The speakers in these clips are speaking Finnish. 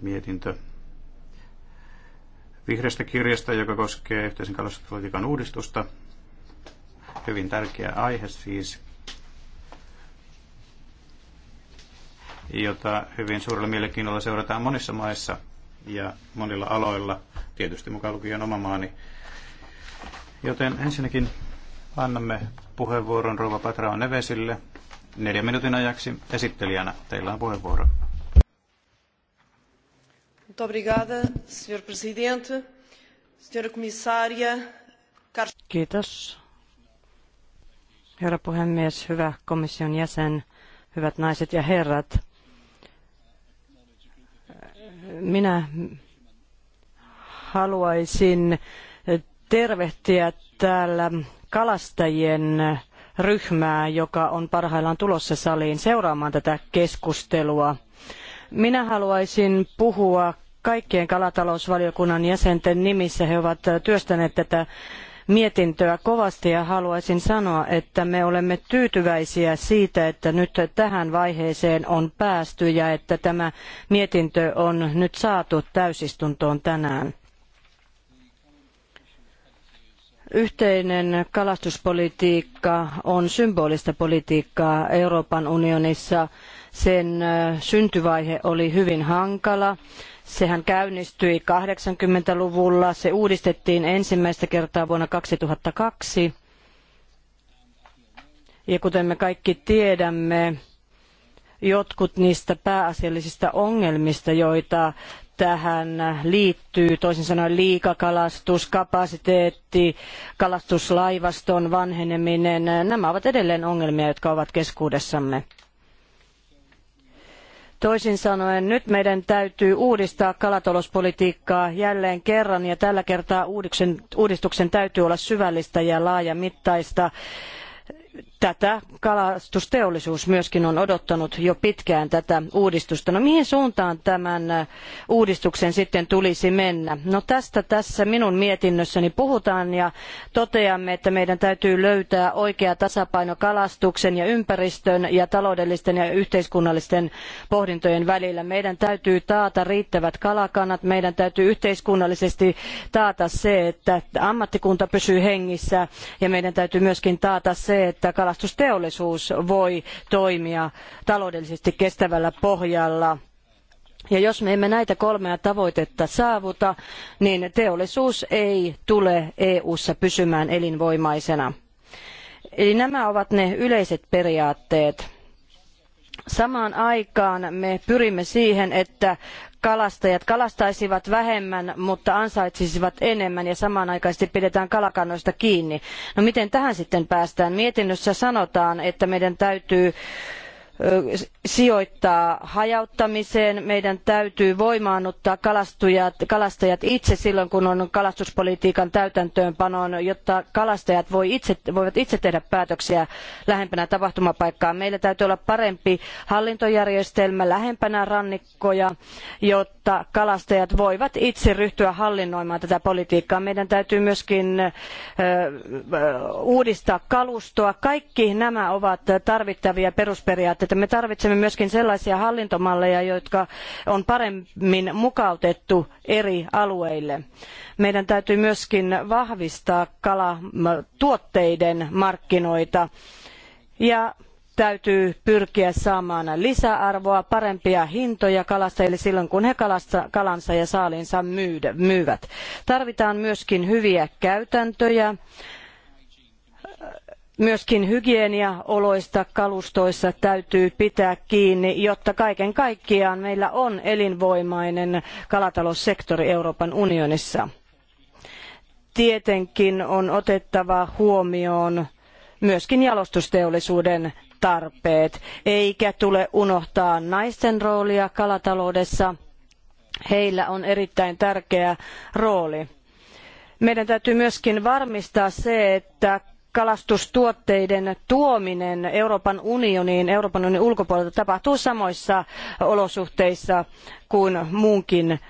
mietintö vihreästä kirjasta, joka koskee yhteisen kalastuspolitiikan uudistusta. Hyvin tärkeä aihe siis, jota hyvin suurella mielenkiinnolla seurataan monissa maissa ja monilla aloilla, tietysti mukaan lukien oma maani. Joten ensinnäkin annamme puheenvuoron rova Patrao Nevesille neljän minuutin ajaksi esittelijänä. Teillä on puheenvuoro. Muito obrigada, Sr. Presidente, Sra. Komissaria. Kiitos. Herra puhemies, hyvä komission jäsen, hyvät naiset ja herrat. Minä haluaisin tervehtiä täällä kalastajien ryhmää, joka on parhaillaan tulossa saliin seuraamaan tätä keskustelua. Minä haluaisin puhua kaikkien kalatalousvaliokunnan jäsenten nimissä. He ovat työstäneet tätä mietintöä kovasti ja haluaisin sanoa, että me olemme tyytyväisiä siitä, että nyt tähän vaiheeseen on päästy ja että tämä mietintö on nyt saatu täysistuntoon tänään. Yhteinen kalastuspolitiikka on symbolista politiikkaa Euroopan unionissa. Sen syntyvaihe oli hyvin hankala. Sehän käynnistyi 80-luvulla. Se uudistettiin ensimmäistä kertaa vuonna 2002. Ja kuten me kaikki tiedämme, jotkut niistä pääasiallisista ongelmista, joita tähän liittyy, toisin sanoen liikakalastus, kapasiteetti, kalastuslaivaston vanheneminen. Nämä ovat edelleen ongelmia, jotka ovat keskuudessamme. Toisin sanoen nyt meidän täytyy uudistaa kalatalouspolitiikkaa jälleen kerran ja tällä kertaa uudistuksen, täytyy olla syvällistä ja laajamittaista Tätä kalastusteollisuus myöskin on odottanut jo pitkään tätä uudistusta. No mihin suuntaan tämän uudistuksen sitten tulisi mennä? No tästä tässä minun mietinnössäni puhutaan ja toteamme, että meidän täytyy löytää oikea tasapaino kalastuksen ja ympäristön ja taloudellisten ja yhteiskunnallisten pohdintojen välillä. Meidän täytyy taata riittävät kalakannat, meidän täytyy yhteiskunnallisesti taata se, että ammattikunta pysyy hengissä ja meidän täytyy myöskin taata se, että että kalastusteollisuus voi toimia taloudellisesti kestävällä pohjalla. Ja jos me emme näitä kolmea tavoitetta saavuta, niin teollisuus ei tule EU-ssa pysymään elinvoimaisena. Eli nämä ovat ne yleiset periaatteet. Samaan aikaan me pyrimme siihen, että kalastajat kalastaisivat vähemmän, mutta ansaitsisivat enemmän ja samanaikaisesti pidetään kalakannoista kiinni. No miten tähän sitten päästään? Mietinnössä sanotaan, että meidän täytyy sijoittaa hajauttamiseen. Meidän täytyy voimaannuttaa kalastajat, itse silloin, kun on kalastuspolitiikan täytäntöönpanon, jotta kalastajat voi itse, voivat itse tehdä päätöksiä lähempänä tapahtumapaikkaa. Meillä täytyy olla parempi hallintojärjestelmä lähempänä rannikkoja, jotta kalastajat voivat itse ryhtyä hallinnoimaan tätä politiikkaa. Meidän täytyy myöskin uudistaa kalustoa. Kaikki nämä ovat tarvittavia perusperiaatteita että Me tarvitsemme myöskin sellaisia hallintomalleja, jotka on paremmin mukautettu eri alueille. Meidän täytyy myöskin vahvistaa kalatuotteiden markkinoita ja täytyy pyrkiä saamaan lisäarvoa parempia hintoja kalastajille silloin kun he kalansa ja saaliinsa myyvät. tarvitaan myös hyviä käytäntöjä myöskin hygieniaoloista kalustoissa täytyy pitää kiinni, jotta kaiken kaikkiaan meillä on elinvoimainen kalataloussektori Euroopan unionissa. Tietenkin on otettava huomioon myöskin jalostusteollisuuden tarpeet, eikä tule unohtaa naisten roolia kalataloudessa. Heillä on erittäin tärkeä rooli meidän täytyy myöskin varmistaa se että kalastustuotteiden tuominen Euroopan unioniin, Euroopan unionin ulkopuolelta tapahtuu samoissa olosuhteissa kuin muunkin,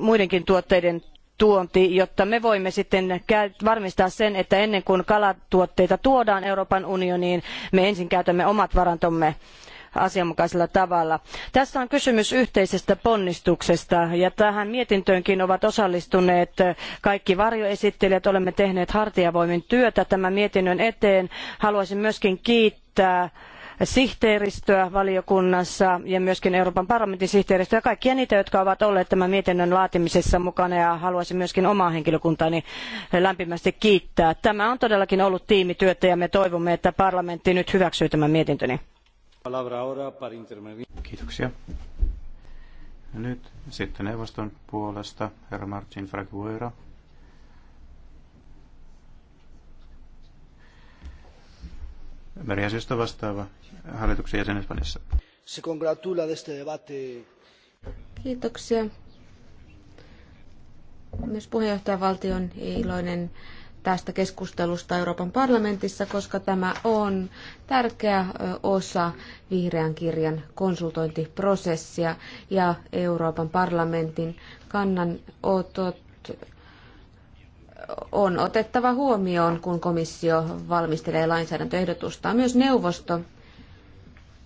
muidenkin tuotteiden tuonti, jotta me voimme sitten varmistaa sen, että ennen kuin kalatuotteita tuodaan Euroopan unioniin, me ensin käytämme omat varantomme asianmukaisella tavalla. Tässä on kysymys yhteisestä ponnistuksesta ja tähän mietintöönkin ovat osallistuneet kaikki varjoesittelijät. Olemme tehneet hartiavoimin työtä tämän mietinnön eteen. Haluaisin myöskin kiittää sihteeristöä valiokunnassa ja myöskin Euroopan parlamentin sihteeristöä ja kaikkia niitä, jotka ovat olleet tämän mietinnön laatimisessa mukana ja haluaisin myöskin omaa henkilökuntaani lämpimästi kiittää. Tämä on todellakin ollut tiimityötä ja me toivomme, että parlamentti nyt hyväksyy tämän mietintöni. Kiitoksia. nyt sitten neuvoston puolesta herra Martin Fraguera. Meriasioista vastaava hallituksen jäsen Espanjassa. Se congratula de debate. Kiitoksia. Myös puheenjohtajavaltion on iloinen tästä keskustelusta Euroopan parlamentissa, koska tämä on tärkeä osa vihreän kirjan konsultointiprosessia ja Euroopan parlamentin kannanotot on otettava huomioon, kun komissio valmistelee lainsäädäntöehdotusta. Myös neuvosto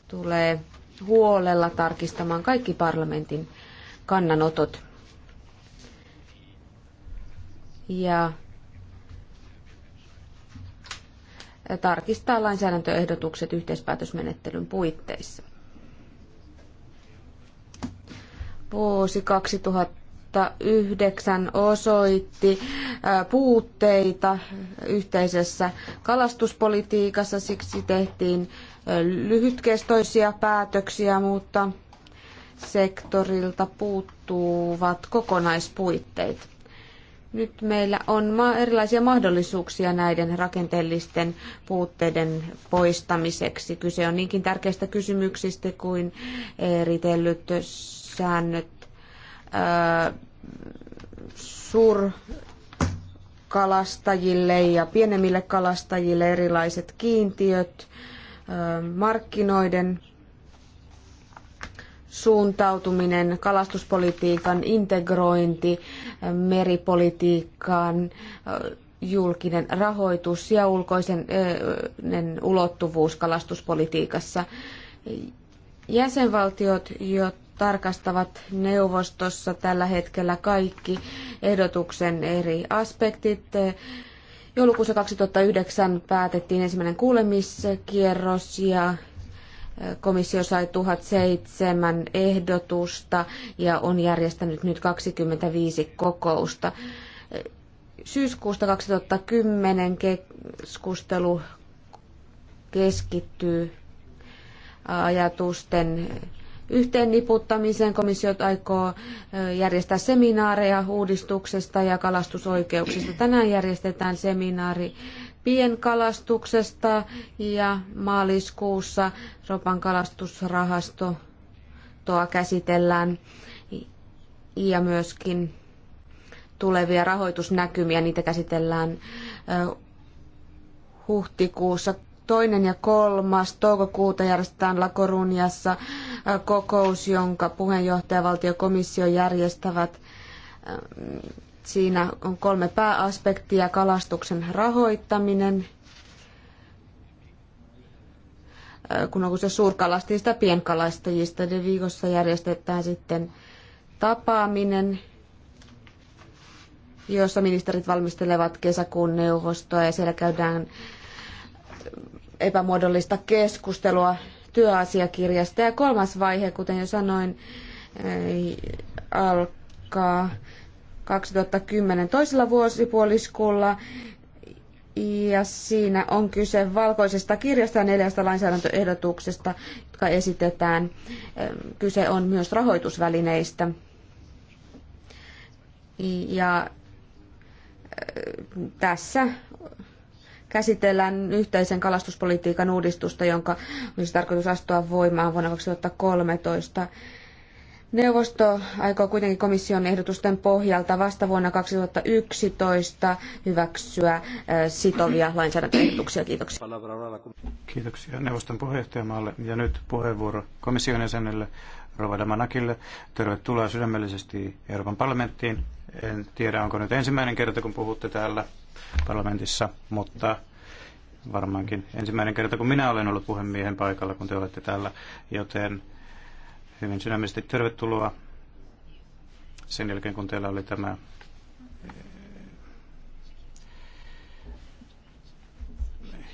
tulee huolella tarkistamaan kaikki parlamentin kannanotot. Ja tarkistaa lainsäädäntöehdotukset yhteispäätösmenettelyn puitteissa. Vuosi 2009 osoitti puutteita yhteisessä kalastuspolitiikassa, siksi tehtiin lyhytkestoisia päätöksiä, mutta sektorilta puuttuvat kokonaispuitteet. Nyt meillä on erilaisia mahdollisuuksia näiden rakenteellisten puutteiden poistamiseksi. Kyse on niinkin tärkeistä kysymyksistä kuin eritellyt eh, säännöt eh, suurkalastajille ja pienemmille kalastajille erilaiset kiintiöt, eh, markkinoiden suuntautuminen, kalastuspolitiikan integrointi, meripolitiikkaan, julkinen rahoitus ja ulkoisen ulottuvuus kalastuspolitiikassa. Jäsenvaltiot, jotka tarkastavat neuvostossa tällä hetkellä kaikki ehdotuksen eri aspektit. Joulukuussa 2009 päätettiin ensimmäinen kuulemiskierros ja Komissio sai 1007 ehdotusta ja on järjestänyt nyt 25 kokousta. Syyskuusta 2010 keskustelu keskittyy ajatusten yhteen niputtamiseen. Komissio aikoo järjestää seminaareja uudistuksesta ja kalastusoikeuksista. Tänään järjestetään seminaari pienkalastuksesta ja maaliskuussa Ropan kalastusrahastoa käsitellään ja myöskin tulevia rahoitusnäkymiä, niitä käsitellään huhtikuussa. Toinen ja kolmas toukokuuta järjestetään Lakorunjassa kokous, jonka puheenjohtajavaltiokomissio järjestävät Siinä on kolme pääaspektia, kalastuksen rahoittaminen, äh, kun on se suurkalastajista pienkalastajista. De niin viikossa järjestetään sitten tapaaminen, jossa ministerit valmistelevat kesäkuun neuvostoa ja siellä käydään epämuodollista keskustelua työasiakirjasta. Ja kolmas vaihe, kuten jo sanoin, alkaa 2010 toisella vuosipuoliskolla. Ja siinä on kyse valkoisesta kirjasta ja neljästä lainsäädäntöehdotuksesta, jotka esitetään. Kyse on myös rahoitusvälineistä. Ja tässä käsitellään yhteisen kalastuspolitiikan uudistusta, jonka olisi tarkoitus astua voimaan vuonna 2013. Neuvosto aikoo kuitenkin komission ehdotusten pohjalta vasta vuonna 2011 hyväksyä sitovia lainsäädäntöehdotuksia. Kiitoksia. Kiitoksia neuvoston puheenjohtajamaalle ja nyt puheenvuoro komission jäsenelle Rova Damanakille. Tervetuloa sydämellisesti Euroopan parlamenttiin. En tiedä, onko nyt ensimmäinen kerta, kun puhutte täällä parlamentissa, mutta varmaankin ensimmäinen kerta, kun minä olen ollut puhemiehen paikalla, kun te olette täällä, joten hyvin sydämellisesti tervetuloa sen jälkeen, kun teillä oli tämä eh,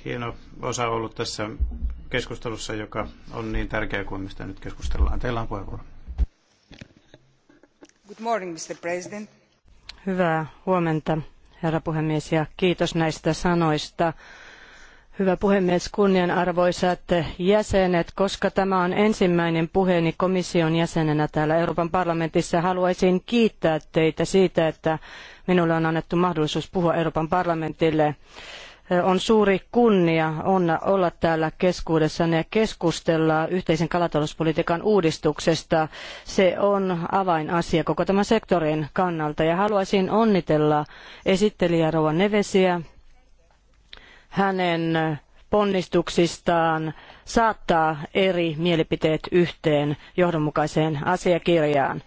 hieno osa ollut tässä keskustelussa, joka on niin tärkeä kuin mistä nyt keskustellaan. Teillä on puheenvuoro. Good morning, Mr. President. Hyvää huomenta, herra puhemies, ja kiitos näistä sanoista. Hyvä puhemies, kunnianarvoisat jäsenet, koska tämä on ensimmäinen puheeni komission jäsenenä täällä Euroopan parlamentissa, haluaisin kiittää teitä siitä, että minulle on annettu mahdollisuus puhua Euroopan parlamentille. On suuri kunnia olla täällä keskuudessanne ja keskustella yhteisen kalatalouspolitiikan uudistuksesta. Se on avainasia koko tämän sektorin kannalta ja haluaisin onnitella esittelijä Rova Nevesiä hänen ponnistuksistaan saattaa eri mielipiteet yhteen johdonmukaiseen asiakirjaan.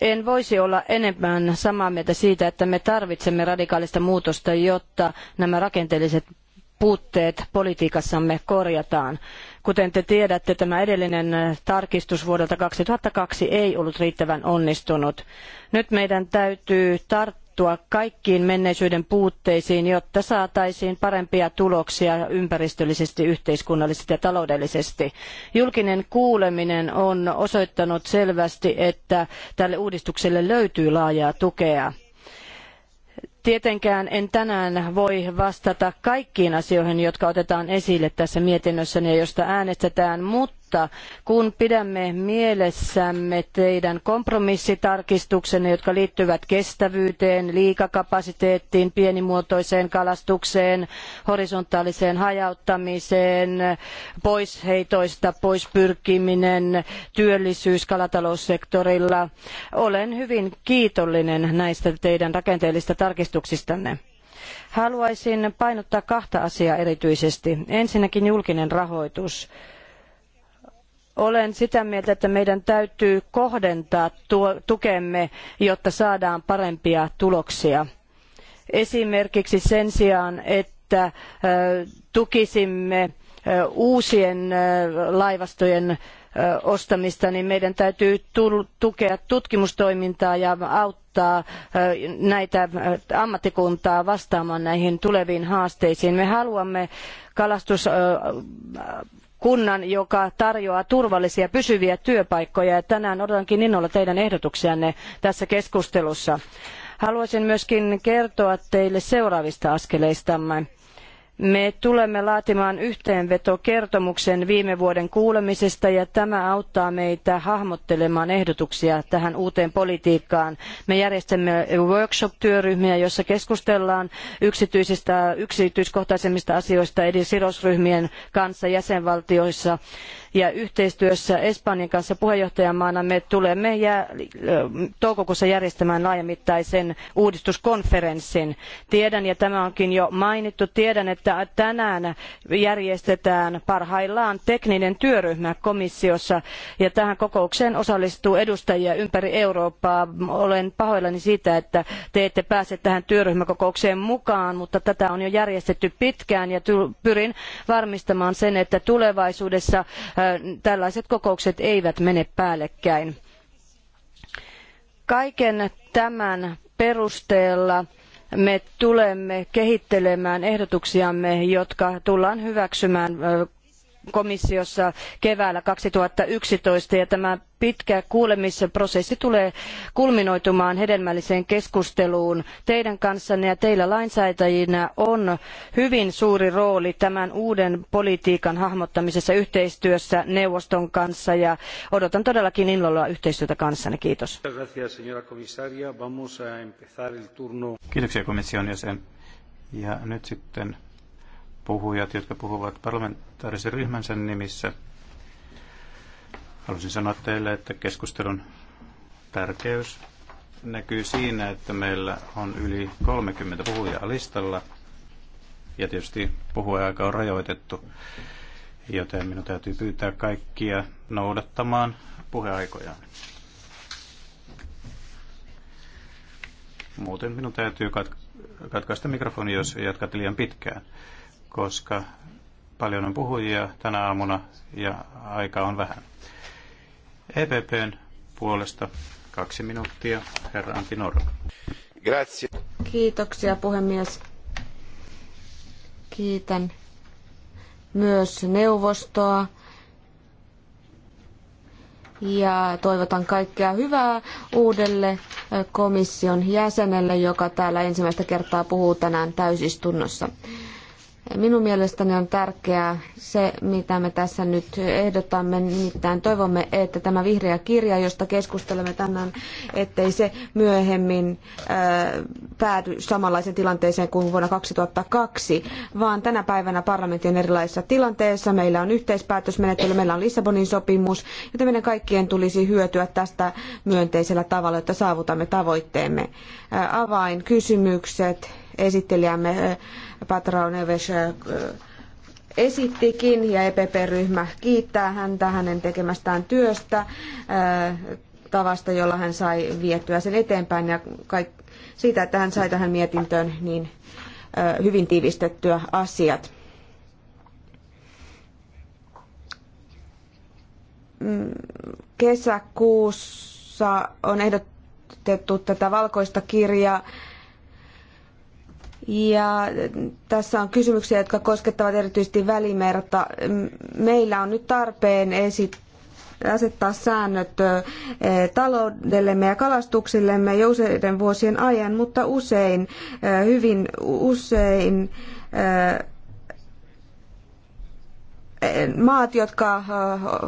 En voisi olla enemmän samaa mieltä siitä, että me tarvitsemme radikaalista muutosta, jotta nämä rakenteelliset puutteet politiikassamme korjataan. Kuten te tiedätte, tämä edellinen tarkistus vuodelta 2002 ei ollut riittävän onnistunut. Nyt meidän täytyy tarttua puuttua kaikkiin menneisyyden puutteisiin, jotta saataisiin parempia tuloksia ympäristöllisesti, yhteiskunnallisesti ja taloudellisesti. Julkinen kuuleminen on osoittanut selvästi, että tälle uudistukselle löytyy laajaa tukea. Tietenkään en tänään voi vastata kaikkiin asioihin, jotka otetaan esille tässä mietinnössä ja josta äänestetään, mutta mutta kun pidämme mielessämme teidän kompromissitarkistuksenne, jotka liittyvät kestävyyteen, liikakapasiteettiin, pienimuotoiseen kalastukseen, horisontaaliseen hajauttamiseen, poisheitoista poispyrkiminen, työllisyys kalataloussektorilla, olen hyvin kiitollinen näistä teidän rakenteellista tarkistuksistanne. Haluaisin painottaa kahta asiaa erityisesti. Ensinnäkin julkinen rahoitus olen sitä mieltä, että meidän täytyy kohdentaa tukemme, jotta saadaan parempia tuloksia. Esimerkiksi sen sijaan, että tukisimme uusien laivastojen ostamista, niin meidän täytyy tukea tutkimustoimintaa ja auttaa näitä ammattikuntaa vastaamaan näihin tuleviin haasteisiin. Me haluamme kalastus kunnan, joka tarjoaa turvallisia pysyviä työpaikkoja. Ja tänään odotankin innolla teidän ehdotuksianne tässä keskustelussa. Haluaisin myöskin kertoa teille seuraavista askeleistamme me tulemme laatimaan yhteenvetokertomuksen viime vuoden kuulemisesta ja tämä auttaa meitä hahmottelemaan ehdotuksia tähän uuteen politiikkaan. Me järjestämme workshop-työryhmiä, jossa keskustellaan yksityisistä, yksityiskohtaisemmista asioista eri sidosryhmien kanssa jäsenvaltioissa ja yhteistyössä Espanjan kanssa puheenjohtajamaana me tulemme toukokuussa järjestämään laajamittaisen uudistuskonferenssin. Tiedän, ja tämä onkin jo mainittu, tiedän, että tänään järjestetään parhaillaan tekninen työryhmä komissiossa ja tähän kokoukseen osallistuu edustajia ympäri Eurooppaa. Olen pahoillani siitä, että te ette pääse tähän työryhmäkokoukseen mukaan, mutta tätä on jo järjestetty pitkään ja pyrin varmistamaan sen, että tulevaisuudessa tällaiset kokoukset eivät mene päällekkäin. Kaiken tämän perusteella me tulemme kehittelemään ehdotuksiamme, jotka tullaan hyväksymään komissiossa keväällä 2011 ja tämä pitkä kuulemisprosessi tulee kulminoitumaan hedelmälliseen keskusteluun teidän kanssanne ja teillä lainsäätäjinä on hyvin suuri rooli tämän uuden politiikan hahmottamisessa yhteistyössä neuvoston kanssa ja odotan todellakin innolla yhteistyötä kanssanne. Kiitos. Kiitoksia komission jäsen. Ja nyt sitten puhujat, jotka puhuvat parlamentaarisen ryhmänsä nimissä. Haluaisin sanoa teille, että keskustelun tärkeys näkyy siinä, että meillä on yli 30 puhujaa listalla. Ja tietysti puhuja-aika on rajoitettu, joten minun täytyy pyytää kaikkia noudattamaan puheaikojaan. Muuten minun täytyy katkaista mikrofoni, jos jatkat liian pitkään koska paljon on puhujia tänä aamuna ja aika on vähän. EPPn puolesta kaksi minuuttia, herra Antti Grazie. Kiitoksia puhemies. Kiitän myös neuvostoa ja toivotan kaikkea hyvää uudelle komission jäsenelle, joka täällä ensimmäistä kertaa puhuu tänään täysistunnossa. Minun mielestäni on tärkeää se, mitä me tässä nyt ehdotamme, nimittäin toivomme, että tämä vihreä kirja, josta keskustelemme tänään, ettei se myöhemmin päädy samanlaiseen tilanteeseen kuin vuonna 2002, vaan tänä päivänä parlamentti on erilaisissa tilanteissa, meillä on yhteispäätösmenettely, meillä on Lissabonin sopimus, joten meidän kaikkien tulisi hyötyä tästä myönteisellä tavalla, jotta saavutamme tavoitteemme. Avainkysymykset esittelijämme Patrao Neves äh, esittikin ja EPP-ryhmä kiittää häntä hänen tekemästään työstä, äh, tavasta, jolla hän sai viettyä sen eteenpäin ja siitä, että hän sai tähän mietintöön niin äh, hyvin tiivistettyä asiat. Mm, kesäkuussa on ehdotettu tätä valkoista kirjaa ja tässä on kysymyksiä, jotka koskettavat erityisesti välimerta. Meillä on nyt tarpeen esittää asettaa säännöt taloudellemme ja kalastuksillemme jo useiden vuosien ajan, mutta usein, hyvin usein maat, jotka äh,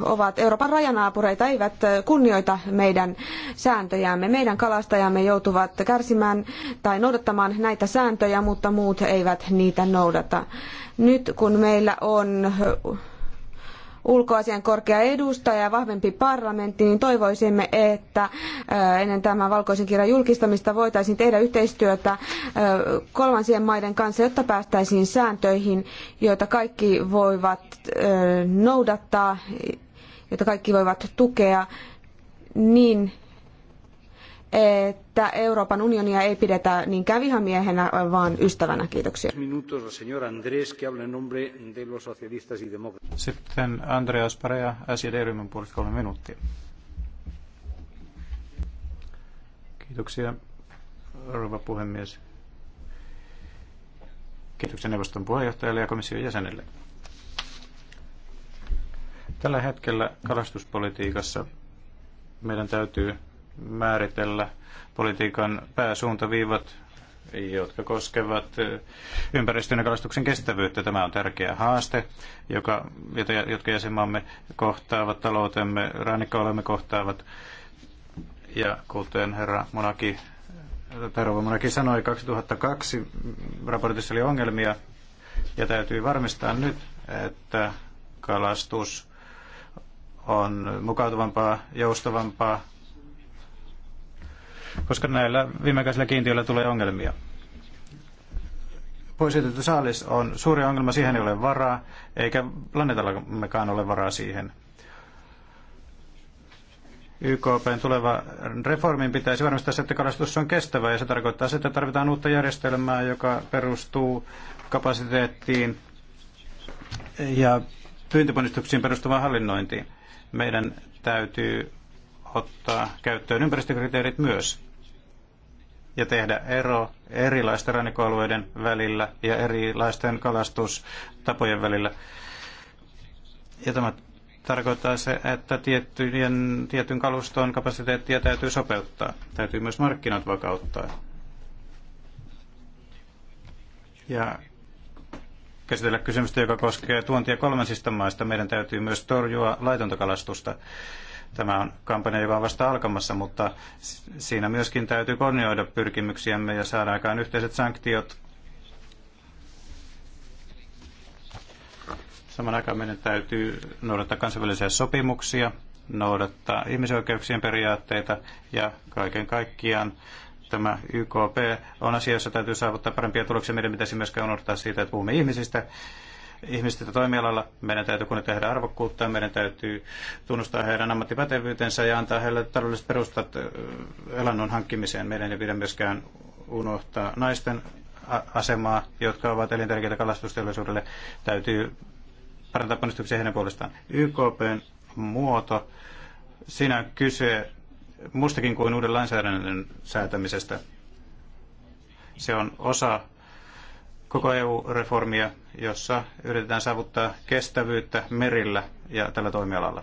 ovat Euroopan rajanaapureita, eivät äh, kunnioita meidän sääntöjämme. Meidän kalastajamme joutuvat kärsimään tai noudattamaan näitä sääntöjä, mutta muut eivät niitä noudata. Nyt kun meillä on ulkoasian korkea edustaja ja vahvempi parlamentti, niin toivoisimme, että ennen tämän valkoisen kirjan julkistamista voitaisiin tehdä yhteistyötä kolmansien maiden kanssa, jotta päästäisiin sääntöihin, joita kaikki voivat noudattaa, joita kaikki voivat tukea niin että Euroopan unionia ei pidetä niinkään vihamiehenä, vaan ystävänä. Kiitoksia. Sitten Andreas Parea, SID-ryhmän puolesta kolme minuuttia. Kiitoksia, rouva puhemies. Kiitoksia neuvoston puheenjohtajalle ja komission jäsenelle. Tällä hetkellä kalastuspolitiikassa meidän täytyy määritellä politiikan pääsuuntaviivat, jotka koskevat ympäristön ja kalastuksen kestävyyttä. Tämä on tärkeä haaste, joka, jota, jotka jäsenmaamme kohtaavat, taloutemme, rannikko kohtaavat. Ja kuten herra Monaki, Tarvo Monaki sanoi, 2002 raportissa oli ongelmia ja täytyy varmistaa nyt, että kalastus on mukautuvampaa, joustavampaa, koska näillä viimeaikaisilla kiintiöillä tulee ongelmia. Poisjätetty saalis on suuri ongelma, siihen ei ole varaa, eikä planeetallammekaan ole varaa siihen. YKPn tuleva reformin pitäisi varmistaa että kalastus on kestävä ja se tarkoittaa sitä, että tarvitaan uutta järjestelmää, joka perustuu kapasiteettiin ja pyyntiponnistuksiin perustuvaan hallinnointiin. Meidän täytyy ottaa käyttöön ympäristökriteerit myös ja tehdä ero erilaisten rannikkoalueiden välillä ja erilaisten kalastustapojen välillä. Ja tämä tarkoittaa se, että tiettyjen, tietyn kaluston kapasiteettia täytyy sopeuttaa. Täytyy myös markkinat vakauttaa. Ja käsitellä kysymystä, joka koskee tuontia kolmansista maista. Meidän täytyy myös torjua laitonta kalastusta. Tämä on kampanja, joka on vasta alkamassa, mutta siinä myöskin täytyy konioida pyrkimyksiämme ja saada aikaan yhteiset sanktiot. Saman aikaan meidän täytyy noudattaa kansainvälisiä sopimuksia, noudattaa ihmisoikeuksien periaatteita ja kaiken kaikkiaan tämä YKP on asia, jossa täytyy saavuttaa parempia tuloksia. Meidän pitäisi myöskään unohtaa siitä, että puhumme ihmisistä ihmistä toimialalla. Meidän täytyy kunnioittaa arvokkuutta, arvokkuuttaan, meidän täytyy tunnustaa heidän ammattipätevyytensä ja antaa heille taloudelliset perustat elannon hankkimiseen. Meidän ei pidä myöskään unohtaa naisten asemaa, jotka ovat elintärkeitä kalastusteollisuudelle. Täytyy parantaa panostuksia heidän puolestaan. YKPn muoto, siinä on kyse mustakin kuin uuden lainsäädännön säätämisestä. Se on osa koko EU-reformia, jossa yritetään saavuttaa kestävyyttä merillä ja tällä toimialalla.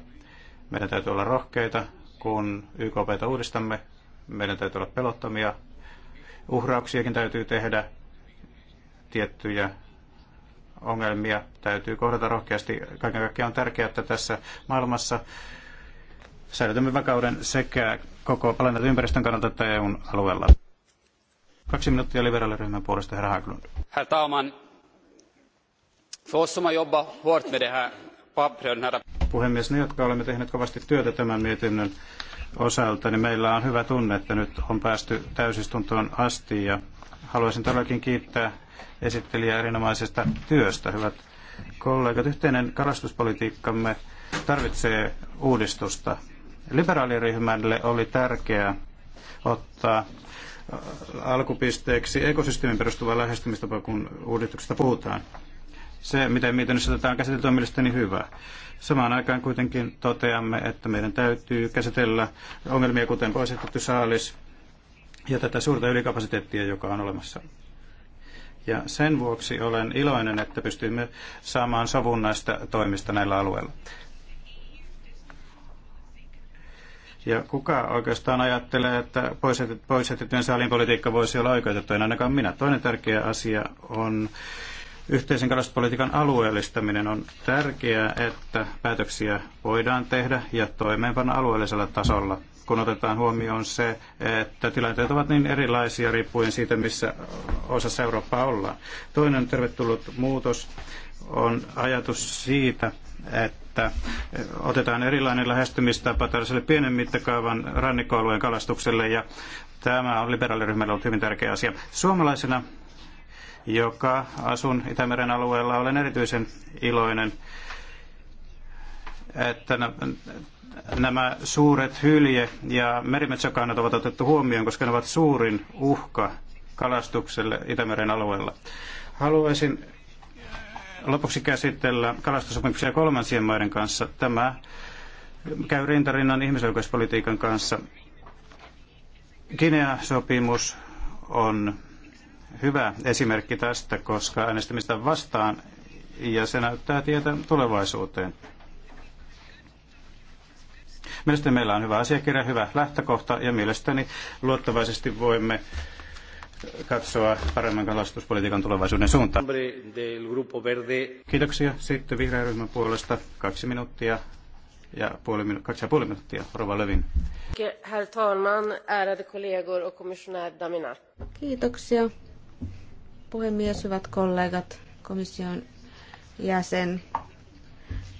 Meidän täytyy olla rohkeita, kun YKPtä uudistamme. Meidän täytyy olla pelottomia. Uhrauksiakin täytyy tehdä. Tiettyjä ongelmia täytyy kohdata rohkeasti. Kaiken kaikkiaan on tärkeää, että tässä maailmassa säilytämme vakauden sekä koko planeetan ympäristön kannalta että EUn alueella. Kaksi minuuttia liberaaliryhmän puolesta, herra Haglund. Herr talman, för oss som har jobbat hårt med det här Puhemies, ne jotka olemme tehneet kovasti työtä tämän mietinnön osalta, niin meillä on hyvä tunne, että nyt on päästy täysistuntoon asti ja haluaisin todellakin kiittää esittelijää erinomaisesta työstä. Hyvät kollegat, yhteinen kalastuspolitiikkamme tarvitsee uudistusta. Liberaaliryhmälle oli tärkeää ottaa alkupisteeksi ekosysteemin perustuvaa lähestymistapa, kun uudistuksesta puhutaan. Se, miten mietinnössä tätä on käsitelty, on mielestäni hyvä. Samaan aikaan kuitenkin toteamme, että meidän täytyy käsitellä ongelmia, kuten poistettu saalis ja tätä suurta ylikapasiteettia, joka on olemassa. Ja sen vuoksi olen iloinen, että pystymme saamaan sovun näistä toimista näillä alueilla. Ja kuka oikeastaan ajattelee, että poisjätettyjen saaliin politiikka voisi olla oikeutettu? En ainakaan minä. Toinen tärkeä asia on yhteisen kalastuspolitiikan alueellistaminen. On tärkeää, että päätöksiä voidaan tehdä ja toimeenpanna alueellisella tasolla kun otetaan huomioon se, että tilanteet ovat niin erilaisia riippuen siitä, missä osassa Eurooppaa ollaan. Toinen tervetullut muutos on ajatus siitä, että että otetaan erilainen lähestymistapa tällaiselle pienen mittakaavan rannikkoalueen kalastukselle ja tämä on liberaaliryhmälle ollut hyvin tärkeä asia. Suomalaisena, joka asun Itämeren alueella, olen erityisen iloinen, että nämä suuret hylje- ja merimetsäkannat ovat otettu huomioon, koska ne ovat suurin uhka kalastukselle Itämeren alueella. Haluaisin lopuksi käsitellä kalastusopimuksia kolmansien maiden kanssa. Tämä käy rintarinnan ihmisoikeuspolitiikan kanssa. Kinea-sopimus on hyvä esimerkki tästä, koska äänestämistä vastaan ja se näyttää tietä tulevaisuuteen. Mielestäni meillä on hyvä asiakirja, hyvä lähtökohta ja mielestäni luottavaisesti voimme katsoa paremman kalastuspolitiikan tulevaisuuden suuntaan. Kiitoksia. Sitten vihreän ryhmän puolesta kaksi minuuttia ja puoli, kaksi ja puoli minuuttia. Rova Lövin. Herr talman, ärade kollegor och kommissionär Kiitoksia. Puhemies, hyvät kollegat, komission jäsen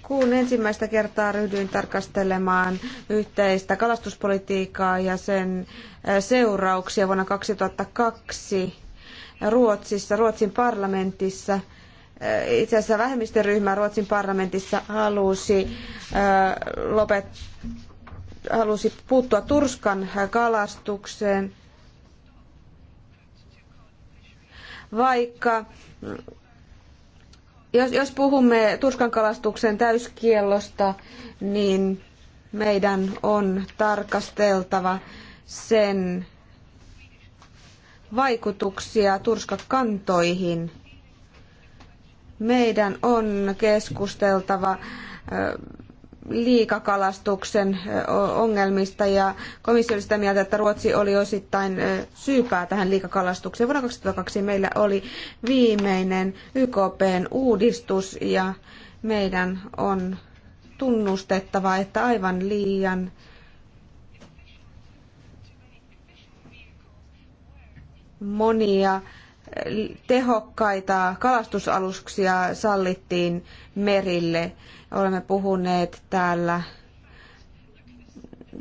kun ensimmäistä kertaa ryhdyin tarkastelemaan yhteistä kalastuspolitiikkaa ja sen seurauksia vuonna 2002 Ruotsissa, Ruotsin parlamentissa, itse asiassa vähemmistöryhmä Ruotsin parlamentissa halusi, lopet, halusi puuttua Turskan kalastukseen, vaikka jos, jos puhumme turskan kalastuksen täyskiellosta, niin meidän on tarkasteltava sen vaikutuksia turskakantoihin. Meidän on keskusteltava liikakalastuksen ongelmista ja komissio oli sitä mieltä, että Ruotsi oli osittain syypää tähän liikakalastukseen. Vuonna 2002 meillä oli viimeinen YKPn uudistus ja meidän on tunnustettava, että aivan liian monia tehokkaita kalastusaluksia sallittiin merille Olemme puhuneet täällä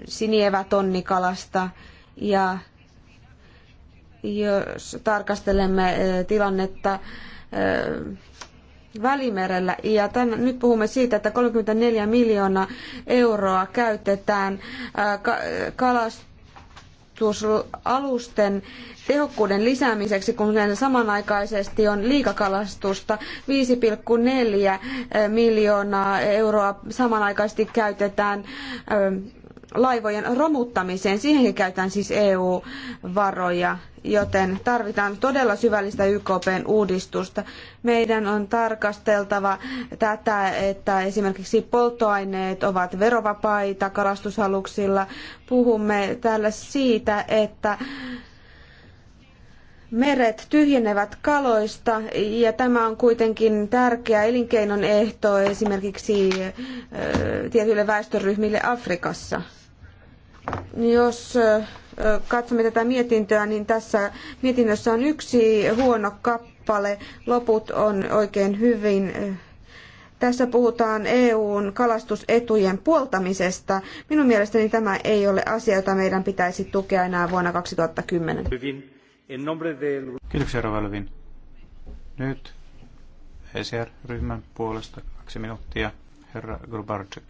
sinievätonnikalasta ja jos tarkastelemme tilannetta Välimerellä. Ja tämän, nyt puhumme siitä, että 34 miljoonaa euroa käytetään kalastukseen alusten tehokkuuden lisäämiseksi, kun samanaikaisesti on liikakalastusta. 5,4 eh, miljoonaa euroa samanaikaisesti käytetään eh, laivojen romuttamiseen. Siihenkin käytetään siis EU-varoja, joten tarvitaan todella syvällistä YKPn uudistusta. Meidän on tarkasteltava tätä, että esimerkiksi polttoaineet ovat verovapaita kalastusaluksilla. Puhumme täällä siitä, että meret tyhjenevät kaloista ja tämä on kuitenkin tärkeä elinkeinon ehto esimerkiksi tietyille väestöryhmille Afrikassa. Jos katsomme tätä mietintöä, niin tässä mietinnössä on yksi huono kappale. Loput on oikein hyvin tässä puhutaan EUn kalastusetujen puoltamisesta. Minun mielestäni tämä ei ole asia, jota meidän pitäisi tukea enää vuonna 2010. Kiitoksia, Nyt ECR-ryhmän puolesta kaksi minuuttia, herra Grubarczyk.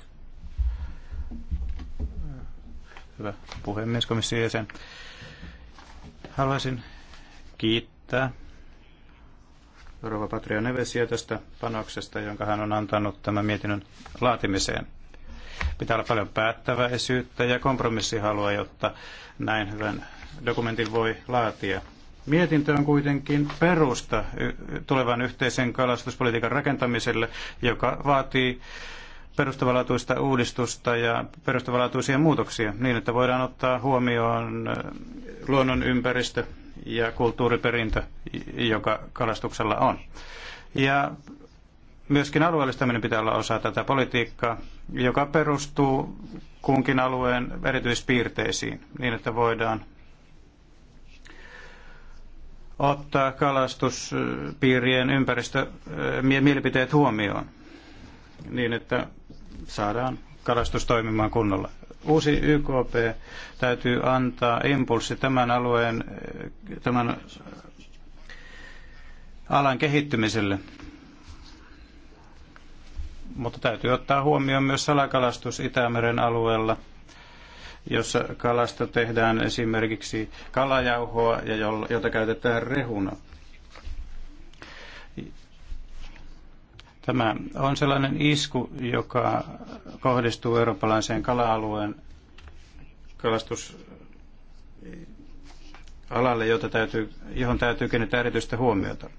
Hyvä puhemies, komission jäsen. Haluaisin kiittää Rova Patria Nevesiä tästä panoksesta, jonka hän on antanut tämän mietinnön laatimiseen. Pitää olla paljon päättäväisyyttä ja kompromissihalua, jotta näin hyvän dokumentin voi laatia. Mietintö on kuitenkin perusta tulevan yhteisen kalastuspolitiikan rakentamiselle, joka vaatii perustavanlaatuista uudistusta ja perustavanlaatuisia muutoksia niin, että voidaan ottaa huomioon äh, luonnonympäristö ja kulttuuriperintö, joka kalastuksella on. Ja myöskin alueellistaminen pitää olla osa tätä politiikkaa, joka perustuu kunkin alueen erityispiirteisiin niin, että voidaan ottaa kalastuspiirien ympäristö äh, mielipiteet huomioon niin, että saadaan kalastus toimimaan kunnolla. Uusi YKP täytyy antaa impulssi tämän alueen, tämän alan kehittymiselle. Mutta täytyy ottaa huomioon myös salakalastus Itämeren alueella, jossa kalasta tehdään esimerkiksi kalajauhoa ja jota käytetään rehuna. Tämä on sellainen isku, joka kohdistuu eurooppalaiseen kala-alueen kalastusalalle, jota täytyy, johon täytyy kiinnittää erityistä huomiota.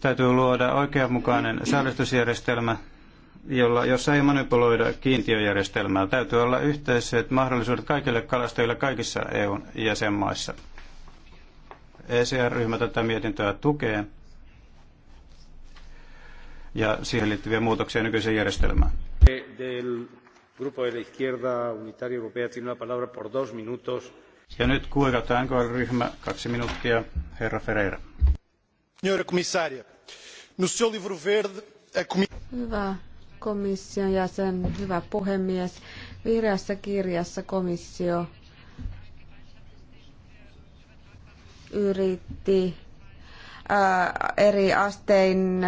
Täytyy luoda oikeanmukainen säällistysjärjestelmä, jolla, jossa ei manipuloida kiintiöjärjestelmää. Täytyy olla yhteiset mahdollisuudet kaikille kalastajille kaikissa EUn jäsenmaissa. ECR-ryhmä tätä mietintöä tukee ja siihen liittyviä muutoksia nykyiseen järjestelmään. Eh, ja nyt kuikataan ryhmä kaksi minuuttia, herra Ferreira. No hyvä komission jäsen, hyvä puhemies. Vihreässä kirjassa komissio yritti ää, eri astein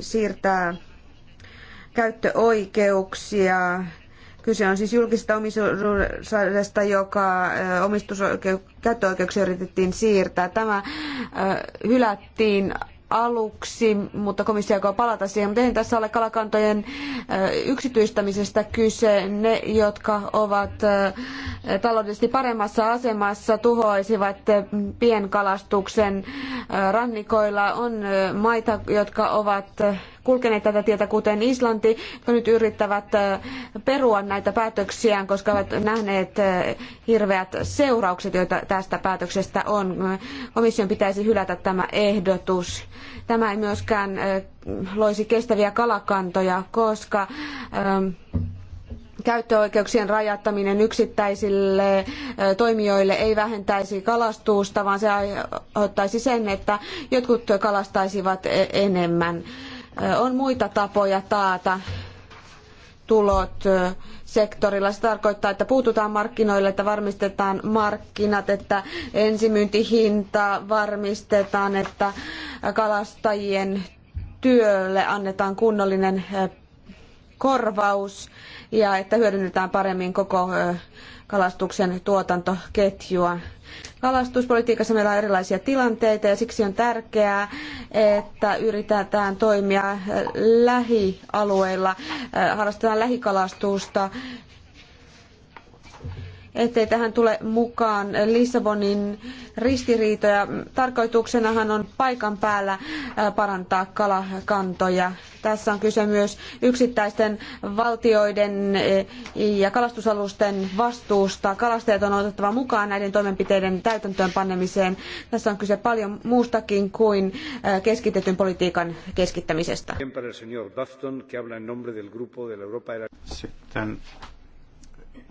siirtää käyttöoikeuksia. Kyse on siis julkisesta omistuksesta, joka omistusoikeu- käyttöoikeuksia yritettiin siirtää. Tämä hylättiin aluksi, mutta komissio aikoo palata siihen. Mutta ei tässä ole kalakantojen yksityistämisestä kyse. Ne, jotka ovat taloudellisesti paremmassa asemassa, tuhoaisivat pienkalastuksen rannikoilla. On maita, jotka ovat kulkeneet tätä tietä, kuten Islanti, jotka nyt yrittävät perua näitä päätöksiään, koska ovat nähneet hirveät seuraukset, joita tästä päätöksestä on. Komission pitäisi hylätä tämä ehdotus. Tämä ei myöskään loisi kestäviä kalakantoja, koska käyttöoikeuksien rajattaminen yksittäisille toimijoille ei vähentäisi kalastusta, vaan se aiheuttaisi sen, että jotkut kalastaisivat e-, enemmän. On muita tapoja taata tulot sektorilla. Se tarkoittaa, että puututaan markkinoille, että varmistetaan markkinat, että ensimyyntihinta varmistetaan, että kalastajien työlle annetaan kunnollinen korvaus ja että hyödynnetään paremmin koko kalastuksen tuotantoketjua. Kalastuspolitiikassa meillä on erilaisia tilanteita ja siksi on tärkeää, että yritetään toimia lähialueilla, harrastetaan lähikalastusta ettei tähän tule mukaan Lissabonin ristiriitoja. Tarkoituksenahan on paikan päällä äh, parantaa kalakantoja. Tässä on kyse myös yksittäisten valtioiden eh, ja kalastusalusten vastuusta. Kalastajat on otettava mukaan näiden toimenpiteiden täytäntöönpanemiseen. Tässä on kyse paljon muustakin kuin eh, keskitetyn politiikan keskittämisestä. Sitten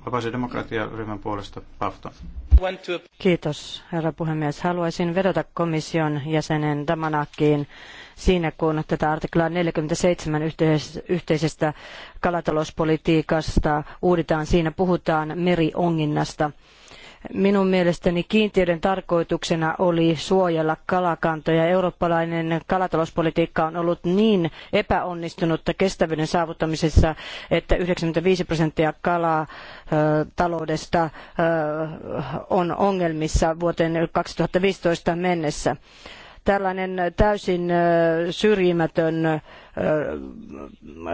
Vapaus- demokratiaryhmän puolesta Pafton. Kiitos, herra puhemies. Haluaisin vedota komission jäsenen Damanakiin siinä, kun tätä artiklaa 47 yhteisestä kalatalouspolitiikasta uuditaan. Siinä puhutaan merionginnasta. Minun mielestäni kiintiöiden tarkoituksena oli suojella kalakantoja. Eurooppalainen kalatalouspolitiikka on ollut niin epäonnistunutta kestävyyden saavuttamisessa, että 95 prosenttia kalataloudesta on ongelmissa vuoteen 2015 mennessä tällainen täysin syrjimätön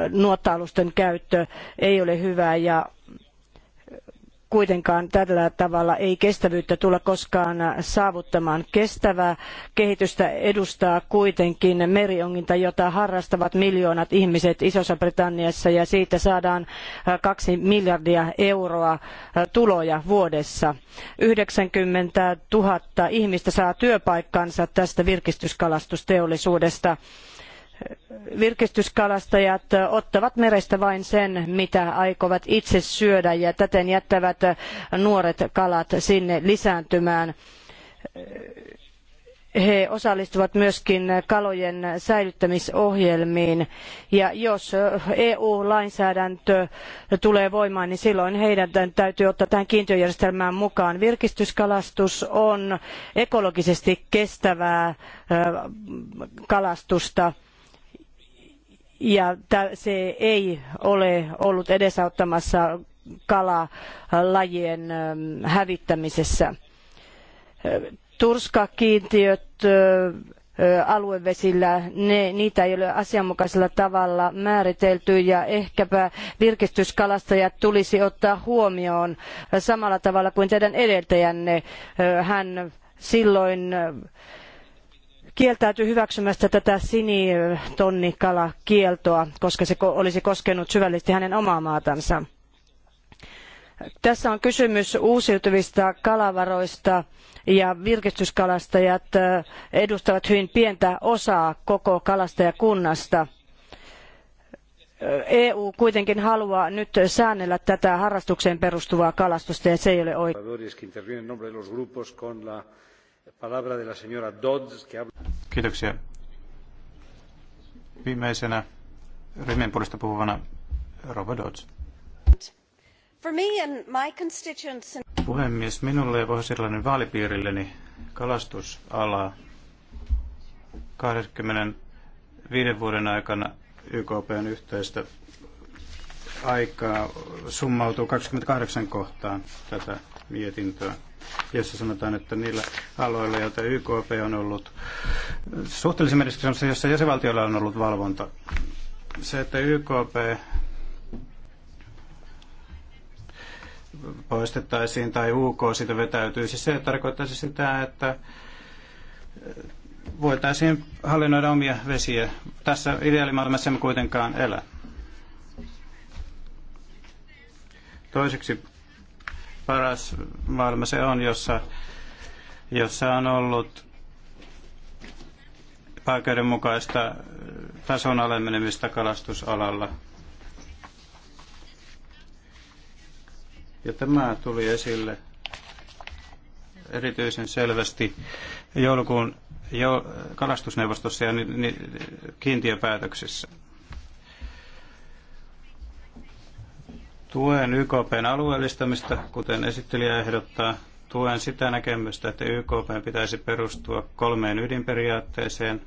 nuottaalusten käyttö ei ole hyvää ja kuitenkaan tällä tavalla ei kestävyyttä tulla koskaan saavuttamaan. Kestävää kehitystä edustaa kuitenkin merionginta, jota harrastavat miljoonat ihmiset Isossa Britanniassa ja siitä saadaan kaksi miljardia euroa tuloja vuodessa. 90 000 ihmistä saa työpaikkansa tästä virkistyskalastusteollisuudesta virkistyskalastajat ottavat merestä vain sen, mitä aikovat itse syödä ja täten jättävät nuoret kalat sinne lisääntymään. He osallistuvat myöskin kalojen säilyttämisohjelmiin ja jos EU-lainsäädäntö tulee voimaan, niin silloin heidän täytyy ottaa tähän kiintiöjärjestelmään mukaan. Virkistyskalastus on ekologisesti kestävää kalastusta ja se ei ole ollut edesauttamassa kalalajien ähm, hävittämisessä. Äh, turskakiintiöt äh, äh, aluevesillä ne, niitä ei ole asianmukaisella tavalla määritelty ja ehkäpä virkistyskalastajat tulisi ottaa huomioon samalla tavalla kuin teidän edeltäjänne. Hän silloin kieltäytyi hyväksymästä tätä sinitonnikalakieltoa, koska se olisi koskenut syvällisesti hänen omaa maatansa. Tässä on kysymys uusiutuvista kalavaroista ja virkistyskalastajat edustavat hyvin pientä osaa koko kalastajakunnasta. EU kuitenkin haluaa nyt säännellä tätä harrastukseen perustuvaa kalastusta ja se ei ole oikein. Kiitoksia. Viimeisenä ryhmien puolesta puhuvana Rova Dodds. For me and my constituents and... Puhemies, minulle ja pohjois-irlannin vaalipiirilleni kalastusala 25 vuoden aikana YKPn yhteistä aikaa summautuu 28 kohtaan tätä mietintöä jossa sanotaan, että niillä aloilla, joita YKP on ollut suhteellisen menestyksessä, jossa jäsenvaltioilla on ollut valvonta. Se, että YKP poistettaisiin tai UK siitä vetäytyisi, se tarkoittaisi sitä, että voitaisiin hallinnoida omia vesiä. Tässä ideaalimaailmassa emme kuitenkaan elä. Toiseksi paras maailma se on, jossa, jossa on ollut oikeudenmukaista tason alemmenemistä kalastusalalla. Ja tämä tuli esille erityisen selvästi joulukuun jo, kalastusneuvostossa ja ni, ni, kiintiöpäätöksissä. Tuen YKPn alueellistamista, kuten esittelijä ehdottaa. Tuen sitä näkemystä, että YKPn pitäisi perustua kolmeen ydinperiaatteeseen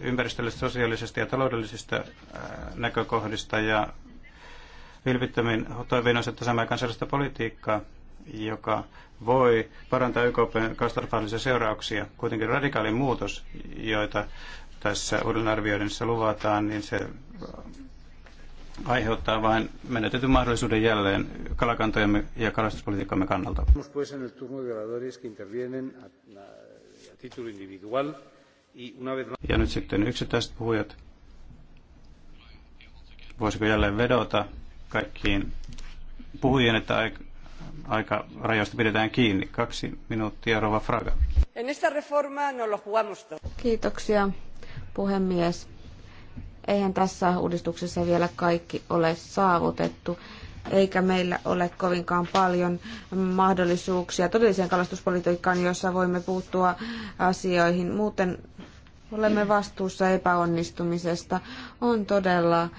ympäristöllisistä, sosiaalisista ja taloudellisista äh, näkökohdista ja vilpittömin toivein on samaa kansallista politiikkaa, joka voi parantaa YKPn katastrofaalisia seurauksia. Kuitenkin radikaali muutos, joita tässä uudelleenarvioinnissa luvataan, niin se aiheuttaa vain menetetyn mahdollisuuden jälleen kalakantojemme ja kalastuspolitiikkamme kannalta. Ja nyt sitten yksittäiset puhujat. Voisiko jälleen vedota kaikkiin puhujien, että aika rajoista pidetään kiinni. Kaksi minuuttia, Rova Fraga. No Kiitoksia, puhemies Eihän tässä uudistuksessa vielä kaikki ole saavutettu, eikä meillä ole kovinkaan paljon mahdollisuuksia todelliseen kalastuspolitiikkaan, jossa voimme puuttua asioihin. Muuten olemme vastuussa epäonnistumisesta. On todella äh,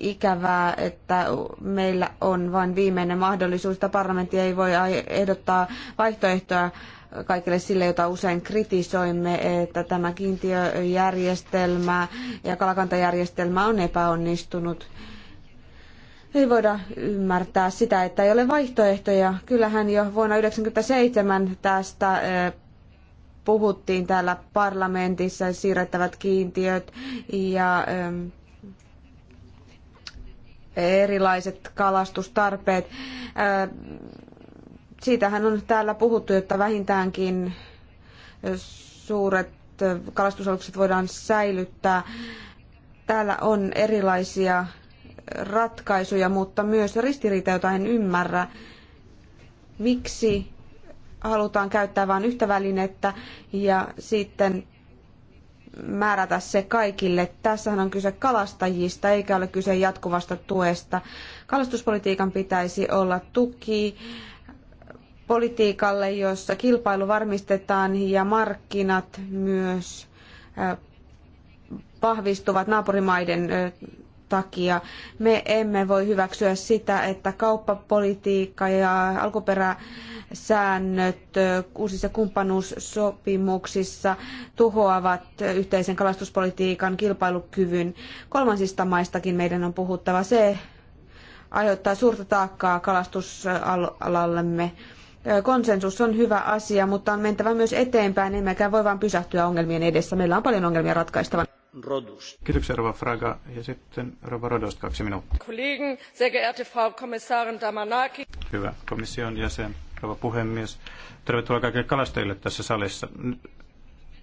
ikävää, että meillä on vain viimeinen mahdollisuus, että parlamentti ei voi ehdottaa vaihtoehtoa kaikille sille, jota usein kritisoimme, että tämä kiintiöjärjestelmä ja kalakantajärjestelmä on epäonnistunut. Ei voida ymmärtää sitä, että ei ole vaihtoehtoja. Kyllähän jo vuonna 1997 tästä eh, puhuttiin täällä parlamentissa, siirrettävät kiintiöt ja erilaiset kalastustarpeet. Eh, siitähän on täällä puhuttu, että vähintäänkin suuret kalastusalukset voidaan säilyttää. Täällä on erilaisia ratkaisuja, mutta myös ristiriita, jota en ymmärrä. Miksi halutaan käyttää vain yhtä välinettä ja sitten määrätä se kaikille. Tässähän on kyse kalastajista, eikä ole kyse jatkuvasta tuesta. Kalastuspolitiikan pitäisi olla tuki politiikalle, jossa kilpailu varmistetaan ja markkinat myös vahvistuvat naapurimaiden takia. Me emme voi hyväksyä sitä, että kauppapolitiikka ja alkuperäsäännöt uusissa kumppanuussopimuksissa tuhoavat yhteisen kalastuspolitiikan kilpailukyvyn. Kolmansista maistakin meidän on puhuttava. Se aiheuttaa suurta taakkaa kalastusalallamme konsensus on hyvä asia, mutta on mentävä myös eteenpäin, emmekä voi vain pysähtyä ongelmien edessä. Meillä on paljon ongelmia ratkaistavana. Kiitoksia Rova Fraga ja sitten Rova Rodost kaksi minuuttia. Kollegen, Hyvä komission jäsen, rouva puhemies. Tervetuloa kaikille kalastajille tässä salissa.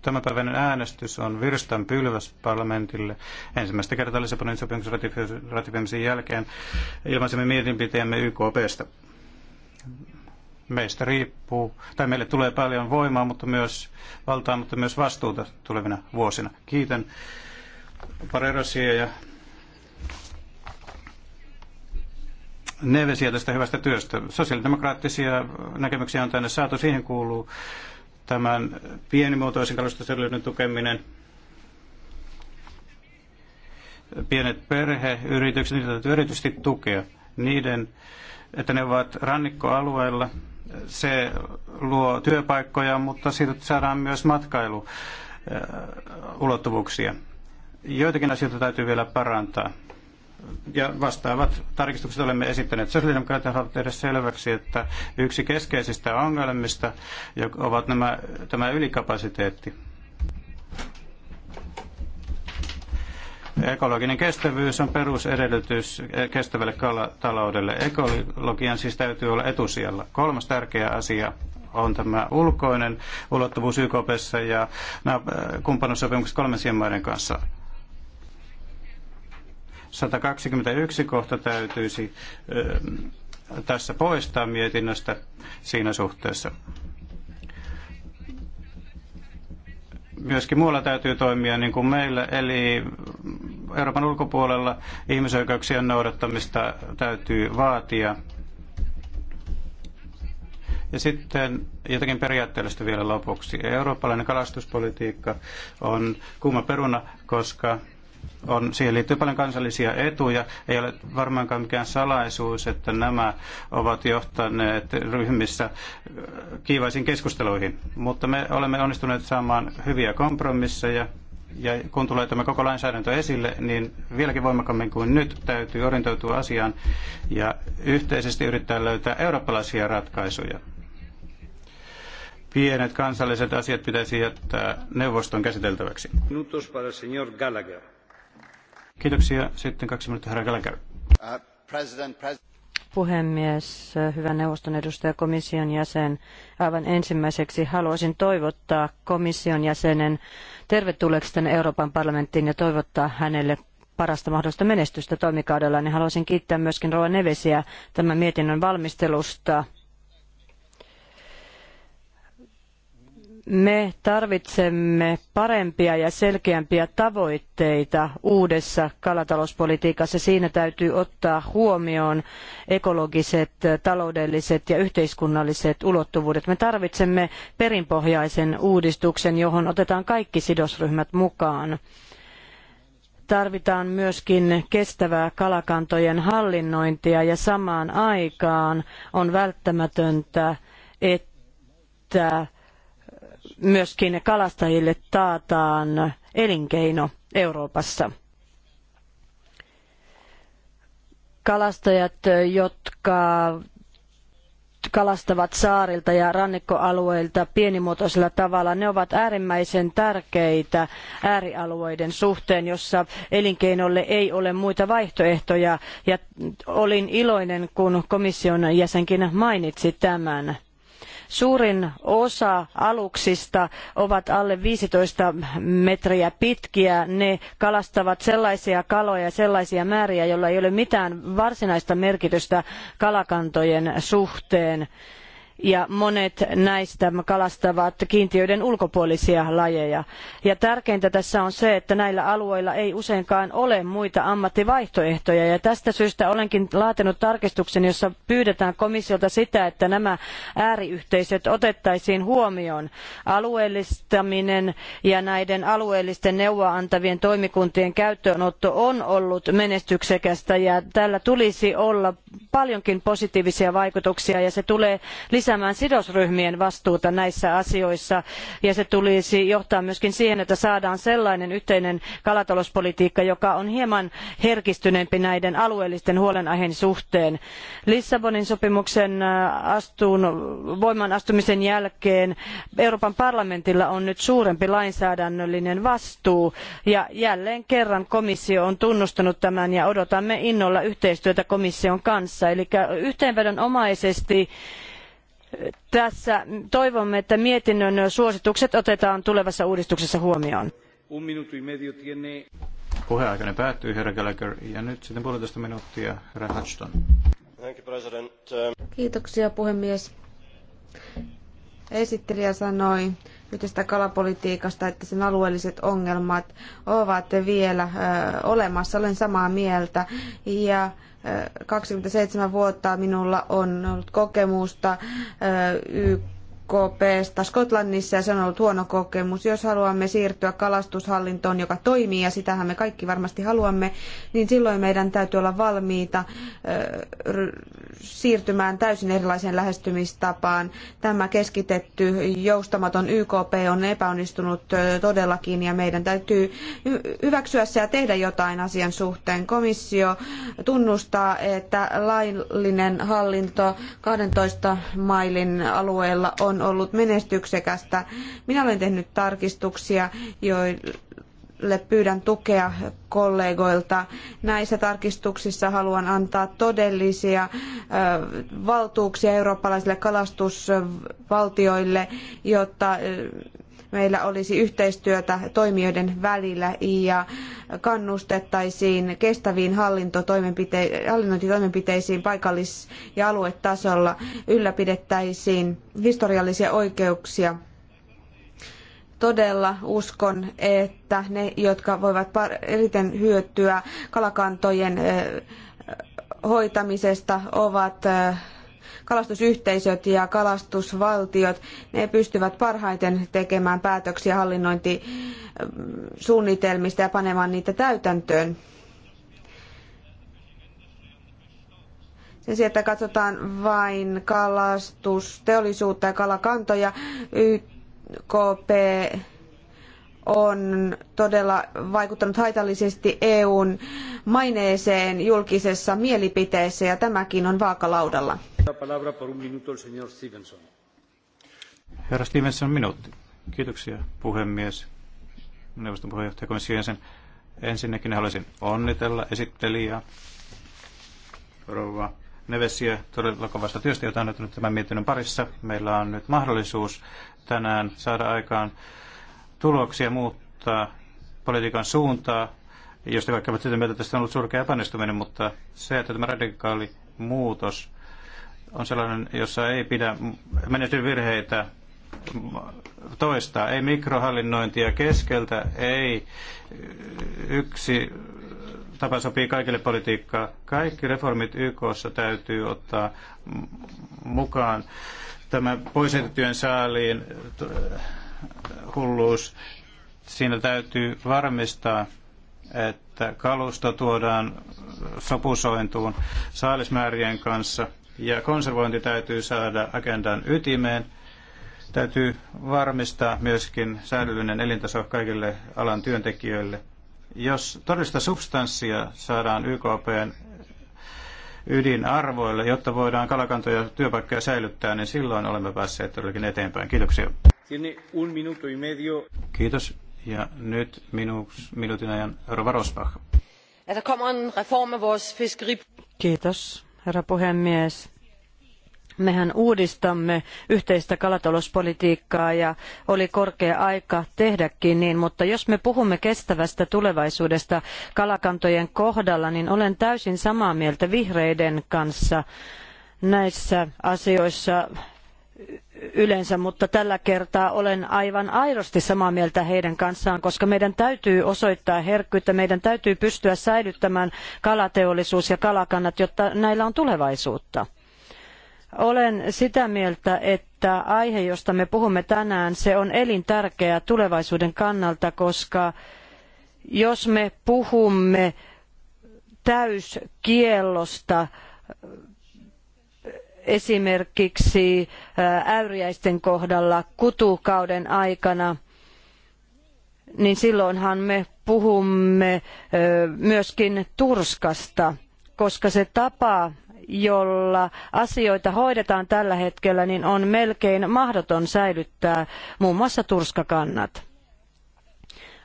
Tämänpäiväinen äänestys on virstan pylväs parlamentille. Ensimmäistä kertaa Lissabonin sopimuksen ratifioimisen jälkeen ilmaisemme mielipiteemme YKPstä meistä riippuu, tai meille tulee paljon voimaa, mutta myös valtaa, mutta myös vastuuta tulevina vuosina. Kiitän Parerosia ja Nevesiä tästä hyvästä työstä. Sosiaalidemokraattisia näkemyksiä on tänne saatu. Siihen kuuluu tämän pienimuotoisen kalustoselvyyden tukeminen, pienet perheyritykset, niitä täytyy erityisesti tukea. Niiden, että ne ovat rannikkoalueilla – se luo työpaikkoja, mutta siitä saadaan myös matkailuulottuvuuksia. Joitakin asioita täytyy vielä parantaa. Ja vastaavat tarkistukset olemme esittäneet. Sosiaalidemokraatit haluavat tehdä selväksi, että yksi keskeisistä ongelmista ovat nämä, tämä ylikapasiteetti Ekologinen kestävyys on perusedellytys eh, kestävälle kalataloudelle. Ekologian siis täytyy olla etusijalla. Kolmas tärkeä asia on tämä ulkoinen ulottuvuus YKPssä ja eh, kumppanuussopimukset kolmansien maiden kanssa. 121 kohta täytyisi eh, tässä poistaa mietinnöstä siinä suhteessa. myöskin muualla täytyy toimia niin kuin meillä, eli Euroopan ulkopuolella ihmisoikeuksien noudattamista täytyy vaatia. Ja sitten jotakin periaatteellista vielä lopuksi. Eurooppalainen kalastuspolitiikka on kuuma peruna, koska on, siihen liittyy paljon kansallisia etuja. Ei ole varmaankaan mikään salaisuus, että nämä ovat johtaneet ryhmissä äh, kiivaisiin keskusteluihin. Mutta me olemme onnistuneet saamaan hyviä kompromisseja. Ja kun tulee tämä koko lainsäädäntö esille, niin vieläkin voimakkaammin kuin nyt täytyy orientoitua asiaan ja yhteisesti yrittää löytää eurooppalaisia ratkaisuja. Pienet kansalliset asiat pitäisi jättää neuvoston käsiteltäväksi. para señor Gallagher. Kiitoksia. Sitten kaksi minuuttia herra Gallagher. Puhemies, hyvä neuvoston edustaja, komission jäsen. Aivan ensimmäiseksi haluaisin toivottaa komission jäsenen tervetulleeksi tänne Euroopan parlamenttiin ja toivottaa hänelle parasta mahdollista menestystä toimikaudella, niin haluaisin kiittää myöskin Roa Nevesiä tämän mietinnön valmistelusta Me tarvitsemme parempia ja selkeämpiä tavoitteita uudessa kalatalouspolitiikassa. Siinä täytyy ottaa huomioon ekologiset, taloudelliset ja yhteiskunnalliset ulottuvuudet. Me tarvitsemme perinpohjaisen uudistuksen, johon otetaan kaikki sidosryhmät mukaan tarvitaan myöskin kestävää kalakantojen hallinnointia ja samaan aikaan on välttämätöntä, että myöskin kalastajille taataan elinkeino Euroopassa. Kalastajat, jotka kalastavat saarilta ja rannikkoalueilta pienimuotoisella tavalla, ne ovat äärimmäisen tärkeitä äärialueiden suhteen, jossa elinkeinolle ei ole muita vaihtoehtoja. Ja olin iloinen, kun komission jäsenkin mainitsi tämän Suurin osa aluksista ovat alle 15 metriä pitkiä. Ne kalastavat sellaisia kaloja ja sellaisia määriä, joilla ei ole mitään varsinaista merkitystä kalakantojen suhteen ja monet näistä kalastavat kiintiöiden ulkopuolisia lajeja. Ja tärkeintä tässä on se, että näillä alueilla ei useinkaan ole muita ammattivaihtoehtoja ja tästä syystä olenkin laatinut tarkistuksen, jossa pyydetään komissiolta sitä, että nämä ääriyhteisöt otettaisiin huomioon. Alueellistaminen ja näiden alueellisten neuvoa antavien toimikuntien käyttöönotto on ollut menestyksekästä ja tällä tulisi olla paljonkin positiivisia vaikutuksia ja se tulee lisää lisäämään sidosryhmien vastuuta näissä asioissa ja se tulisi johtaa myöskin siihen, että saadaan sellainen yhteinen kalatalouspolitiikka, joka on hieman herkistyneempi näiden alueellisten huolenaiheiden suhteen. Lissabonin sopimuksen äh, astun voimaan astumisen jälkeen Euroopan parlamentilla on nyt suurempi lainsäädännöllinen vastuu ja jälleen kerran komissio on tunnustanut tämän ja odotamme innolla yhteistyötä komission kanssa. Eli yhteenvedonomaisesti omaisesti tässä toivomme, että mietinnön suositukset otetaan tulevassa uudistuksessa huomioon. Un minuutti päättyy, herra Gallagher. Ja nyt sitten puolitoista minuuttia, herra Hudson. Kiitoksia, puhemies. Esittelijä sanoi, yhteisestä kalapolitiikasta, että sen alueelliset ongelmat ovat vielä olemassa. Olen samaa mieltä. Ja 27 vuotta minulla on ollut kokemusta YK EKPstä Skotlannissa ja se on ollut huono kokemus. Jos haluamme siirtyä kalastushallintoon, joka toimii ja sitähän me kaikki varmasti haluamme, niin silloin meidän täytyy olla valmiita siirtymään täysin erilaiseen lähestymistapaan. Tämä keskitetty joustamaton YKP on epäonnistunut todellakin ja meidän täytyy hyväksyä se ja tehdä jotain asian suhteen. Komissio tunnustaa, että laillinen hallinto 12 mailin alueella on on ollut menestyksekästä. Minä olen tehnyt tarkistuksia, joille pyydän tukea kollegoilta. Näissä tarkistuksissa haluan antaa todellisia valtuuksia eurooppalaisille kalastusvaltioille, jotta meillä olisi yhteistyötä toimijoiden välillä ja kannustettaisiin kestäviin hallinnointitoimenpiteisiin paikallis- ja aluetasolla, ylläpidettäisiin historiallisia oikeuksia todella uskon, että ne, jotka voivat eriten hyötyä kalakantojen hoitamisesta, ovat kalastusyhteisöt ja kalastusvaltiot, ne pystyvät parhaiten tekemään päätöksiä hallinnointisuunnitelmista ja panemaan niitä täytäntöön. Sen sijaan, että katsotaan vain kalastusteollisuutta ja kalakantoja, YKP on todella vaikuttanut haitallisesti EUn maineeseen julkisessa mielipiteessä ja tämäkin on vaakalaudalla. Herra Stevenson, minuutti. Kiitoksia puhemies. Neuvoston puheenjohtaja komission Ensinnäkin haluaisin onnitella esittelijää rouva Nevesiä todella kovasta työstä, jota on nyt tämän mietinnön parissa. Meillä on nyt mahdollisuus tänään saada aikaan tuloksia, muuttaa politiikan suuntaa, josta vaikka ovat sitä mieltä, että tästä on ollut surkea epäonnistuminen, mutta se, että tämä radikaali muutos on sellainen, jossa ei pidä virheitä toistaa, ei mikrohallinnointia keskeltä, ei yksi tapa sopii kaikille politiikkaa. Kaikki reformit YKssa täytyy ottaa mukaan tämä poisjätetyön saaliin hulluus. Siinä täytyy varmistaa, että kalusto tuodaan sopusointuun saalismäärien kanssa ja konservointi täytyy saada agendan ytimeen. Täytyy varmistaa myöskin säädöllinen elintaso kaikille alan työntekijöille. Jos todellista substanssia saadaan YKPn ydinarvoille, jotta voidaan kalakantoja työpaikkoja säilyttää, niin silloin olemme päässeet todellakin eteenpäin. Kiitoksia. Tiene un minuto y medio. Kiitos. Ja nyt minuutin ajan Rova Rosbach. Kiitos, herra puhemies. Mehän uudistamme yhteistä kalatalouspolitiikkaa ja oli korkea aika tehdäkin niin, mutta jos me puhumme kestävästä tulevaisuudesta kalakantojen kohdalla, niin olen täysin samaa mieltä vihreiden kanssa näissä asioissa yleensä, mutta tällä kertaa olen aivan aidosti samaa mieltä heidän kanssaan, koska meidän täytyy osoittaa herkkyyttä, meidän täytyy pystyä säilyttämään kalateollisuus ja kalakannat, jotta näillä on tulevaisuutta. Olen sitä mieltä, että aihe, josta me puhumme tänään, se on elintärkeä tulevaisuuden kannalta, koska jos me puhumme täyskiellosta esimerkiksi äyriäisten kohdalla kutukauden aikana, niin silloinhan me puhumme myöskin turskasta, koska se tapa, jolla asioita hoidetaan tällä hetkellä, niin on melkein mahdoton säilyttää muun muassa turskakannat.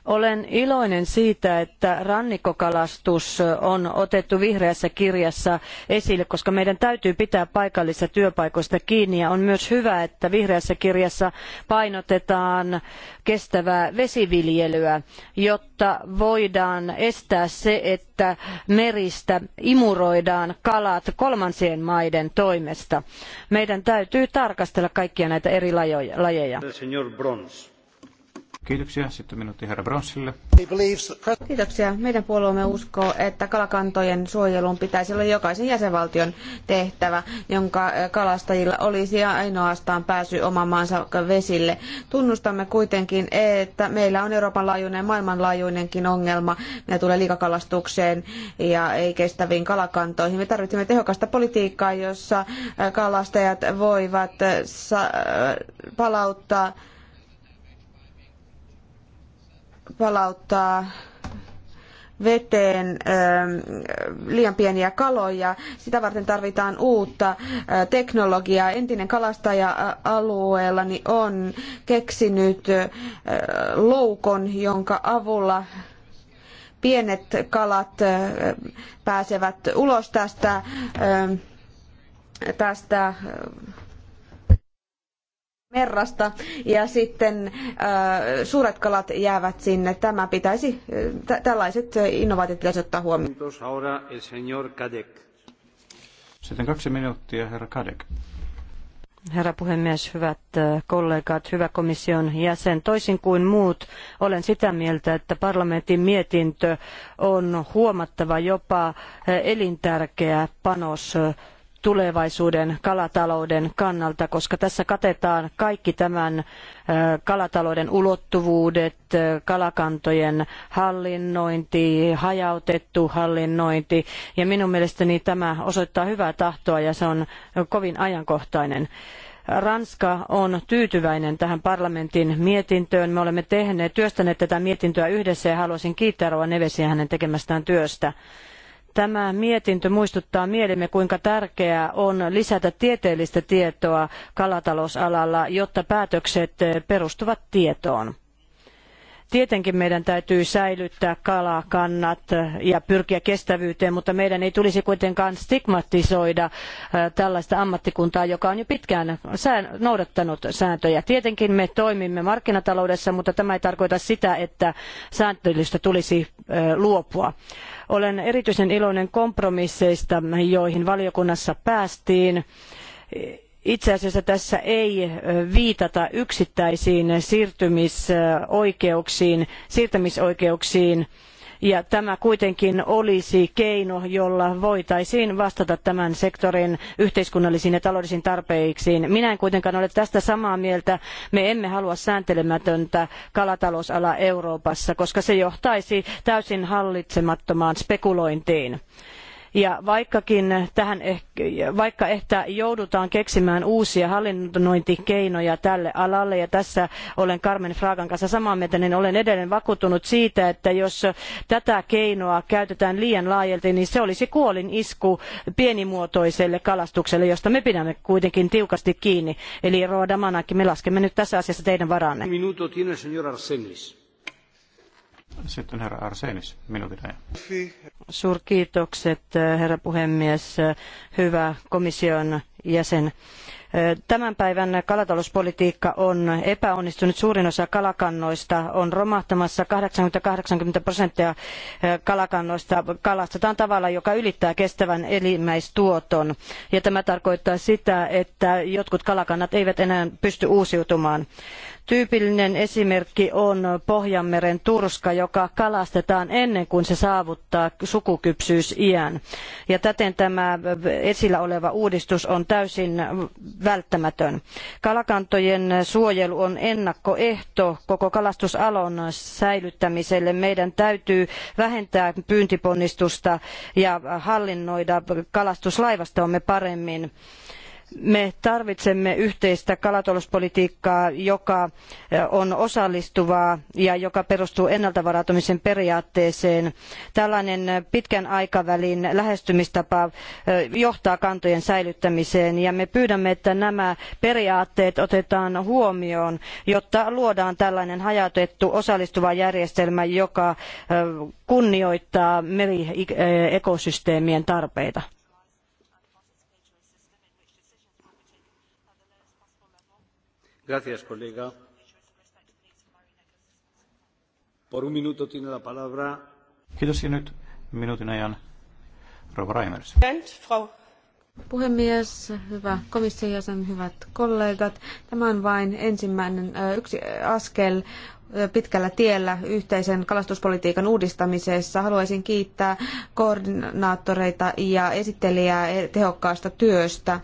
Olen iloinen siitä, että rannikkokalastus on otettu vihreässä kirjassa esille, koska meidän täytyy pitää paikallisista työpaikoista kiinni. Ja on myös hyvä, että vihreässä kirjassa painotetaan kestävää vesiviljelyä, jotta voidaan estää se, että meristä imuroidaan kalat kolmansien maiden toimesta. Meidän täytyy tarkastella kaikkia näitä eri lajeja. Kiitoksia. Sitten minuutti herra Bronssille. Kiitoksia. Meidän puolueemme uskoo, että kalakantojen suojelun pitäisi olla jokaisen jäsenvaltion tehtävä, jonka kalastajilla olisi ainoastaan pääsy oman maansa vesille. Tunnustamme kuitenkin, että meillä on Euroopan laajuinen ja maailmanlaajuinenkin ongelma. Ne tulee liikakalastukseen ja ei kestäviin kalakantoihin. Me tarvitsemme tehokasta politiikkaa, jossa kalastajat voivat palauttaa palauttaa veteen liian pieniä kaloja. Sitä varten tarvitaan uutta teknologiaa. Entinen kalastaja alueellani on keksinyt loukon, jonka avulla pienet kalat pääsevät ulos tästä, tästä merrasta ja sitten äh, suuret kalat jäävät sinne. Tämä pitäisi, äh, tällaiset äh, innovaatiot pitäisi ottaa huomioon. Sitten kaksi minuuttia, herra Kadek. Herra puhemies, hyvät äh, kollegat, hyvä komission jäsen. Toisin kuin muut, olen sitä mieltä, että parlamentin mietintö on huomattava jopa elintärkeä panos tulevaisuuden kalatalouden kannalta, koska tässä katetaan kaikki tämän kalatalouden ulottuvuudet, kalakantojen hallinnointi, hajautettu hallinnointi. Ja minun mielestäni tämä osoittaa hyvää tahtoa ja se on kovin ajankohtainen. Ranska on tyytyväinen tähän parlamentin mietintöön. Me olemme tehneet, työstäneet tätä mietintöä yhdessä ja haluaisin kiittää Rova Nevesiä hänen tekemästään työstä. Tämä mietintö muistuttaa mielimme, kuinka tärkeää on lisätä tieteellistä tietoa kalatalousalalla, jotta päätökset perustuvat tietoon. Tietenkin meidän täytyy säilyttää kalakannat ja pyrkiä kestävyyteen, mutta meidän ei tulisi kuitenkaan stigmatisoida äh, tällaista ammattikuntaa, joka on jo pitkään noudattanut sääntöjä. Tietenkin me toimimme markkinataloudessa, mutta tämä ei tarkoita sitä, että sääntelystä tulisi äh, luopua. Olen erityisen iloinen kompromisseista, joihin valiokunnassa päästiin itse asiassa tässä ei viitata yksittäisiin siirtymisoikeuksiin, siirtämisoikeuksiin, ja tämä kuitenkin olisi keino, jolla voitaisiin vastata tämän sektorin yhteiskunnallisiin ja taloudellisiin tarpeisiin. Minä en kuitenkaan ole tästä samaa mieltä. Me emme halua sääntelemätöntä kalatalousalaa Euroopassa, koska se johtaisi täysin hallitsemattomaan spekulointiin. Ja vaikkakin tähän eh, vaikka ehkä joudutaan keksimään uusia hallinnointikeinoja tälle alalle, ja tässä olen Carmen Fragan kanssa samaa mieltä, niin olen edelleen vakuuttunut siitä, että jos tätä keinoa käytetään liian laajalti, niin se olisi kuolin isku pienimuotoiselle kalastukselle, josta me pidämme kuitenkin tiukasti kiinni. Eli Roa Damanaki, me laskemme nyt tässä asiassa teidän varanne. Minuto tiene, señor Arsenis. Sitten herra Arsenis, minuutin ajan. Suurkiitokset, eh, herra puhemies. Hyvä komission jäsen. Eh, tämän päivän kalatalouspolitiikka on epäonnistunut. Suurin osa kalakannoista on romahtamassa. 80-80 prosenttia eh, kalakannoista kalastetaan tavalla, joka ylittää kestävän elimmäistuoton. Ja tämä tarkoittaa sitä, että jotkut kalakannat eivät enää pysty uusiutumaan. Tyypillinen esimerkki on Pohjanmeren turska, joka kalastetaan ennen kuin se saavuttaa sukukypsyysiän. Ja täten tämä esillä oleva uudistus on täysin välttämätön. Kalakantojen suojelu on ennakkoehto koko kalastusalon säilyttämiselle. Meidän täytyy vähentää pyyntiponnistusta ja hallinnoida kalastuslaivastoamme paremmin me tarvitsemme yhteistä kalatalouspolitiikkaa, joka on osallistuvaa ja joka perustuu ennaltavarautumisen periaatteeseen. Tällainen pitkän aikavälin lähestymistapa johtaa kantojen säilyttämiseen ja me pyydämme, että nämä periaatteet otetaan huomioon, jotta luodaan tällainen hajautettu osallistuva järjestelmä, joka kunnioittaa meriekosysteemien tarpeita. arvoisa Kiitos minuutin Puhemies, hyvä komission jäsen, hyvät kollegat. Tämä on vain ensimmäinen yksi askel pitkällä tiellä yhteisen kalastuspolitiikan uudistamisessa. Haluaisin kiittää koordinaattoreita ja esittelijää tehokkaasta työstä.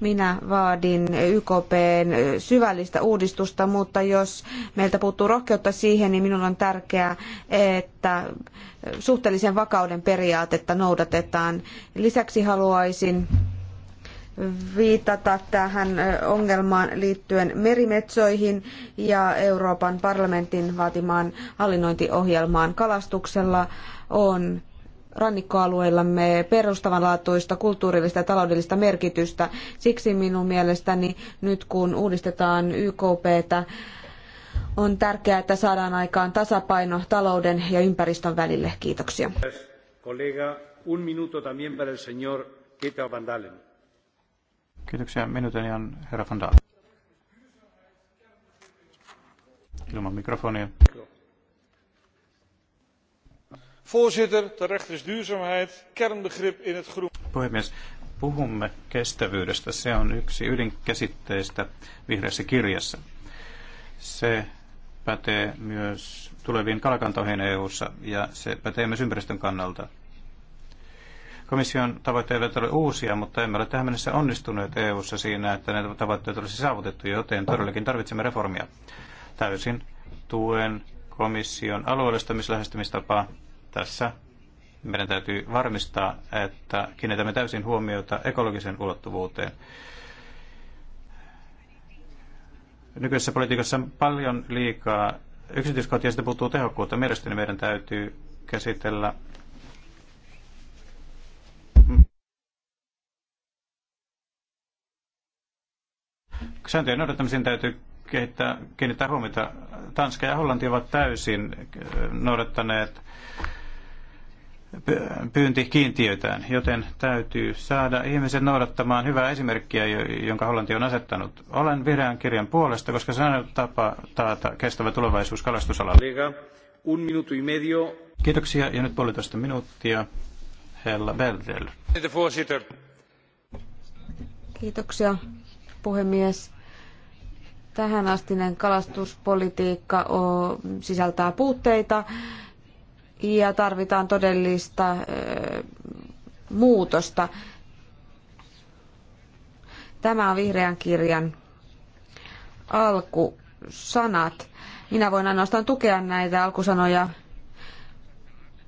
Minä vaadin YKPn syvällistä uudistusta, mutta jos meiltä puuttuu rohkeutta siihen, niin minulle on tärkeää, että suhteellisen vakauden periaatetta noudatetaan. Lisäksi haluaisin viitata tähän ongelmaan liittyen merimetsoihin ja Euroopan parlamentin vaatimaan hallinnointiohjelmaan kalastuksella on rannikkoalueillamme perustavanlaatuista kulttuurillista ja taloudellista merkitystä. Siksi minun mielestäni nyt kun uudistetaan YKPtä, on tärkeää, että saadaan aikaan tasapaino talouden ja ympäristön välille. Kiitoksia. Kiitoksia. Minuutin ihan herra Van Dalen. Ilman mikrofonia. Voorzitter, terecht is duurzaamheid kernbegrip in het groen. Puhemies, puhumme kestävyydestä. Se on yksi ydinkäsitteistä vihreässä kirjassa. Se pätee myös tuleviin kalakantoihin EU-ssa ja se pätee myös ympäristön kannalta. Komission tavoitteet eivät uusia, mutta emme ole tähän mennessä onnistuneet EU-ssa siinä, että näitä tavoitteita olisi saavutettu, joten todellakin tarvitsemme reformia. Täysin tuen komission alueellistamislähestymistapaa tässä meidän täytyy varmistaa, että kiinnitämme täysin huomiota ekologisen ulottuvuuteen. Nykyisessä politiikassa on paljon liikaa yksityiskohtia, sitä puuttuu tehokkuutta. Mielestäni meidän täytyy käsitellä sääntöjen noudattamisen täytyy kehittää, kiinnittää huomiota. Tanska ja Hollanti ovat täysin noudattaneet pyyntikiintiötään, joten täytyy saada ihmiset noudattamaan hyvää esimerkkiä, jonka Hollanti on asettanut. Olen vihreän kirjan puolesta, koska se on tapa taata kestävä tulevaisuus kalastusalalla. Kiitoksia ja nyt puolitoista minuuttia. Hella Beldel. Kiitoksia puhemies. Tähänastinen kalastuspolitiikka sisältää puutteita ja tarvitaan todellista muutosta. Tämä on vihreän kirjan alkusanat. Minä voin ainoastaan tukea näitä alkusanoja.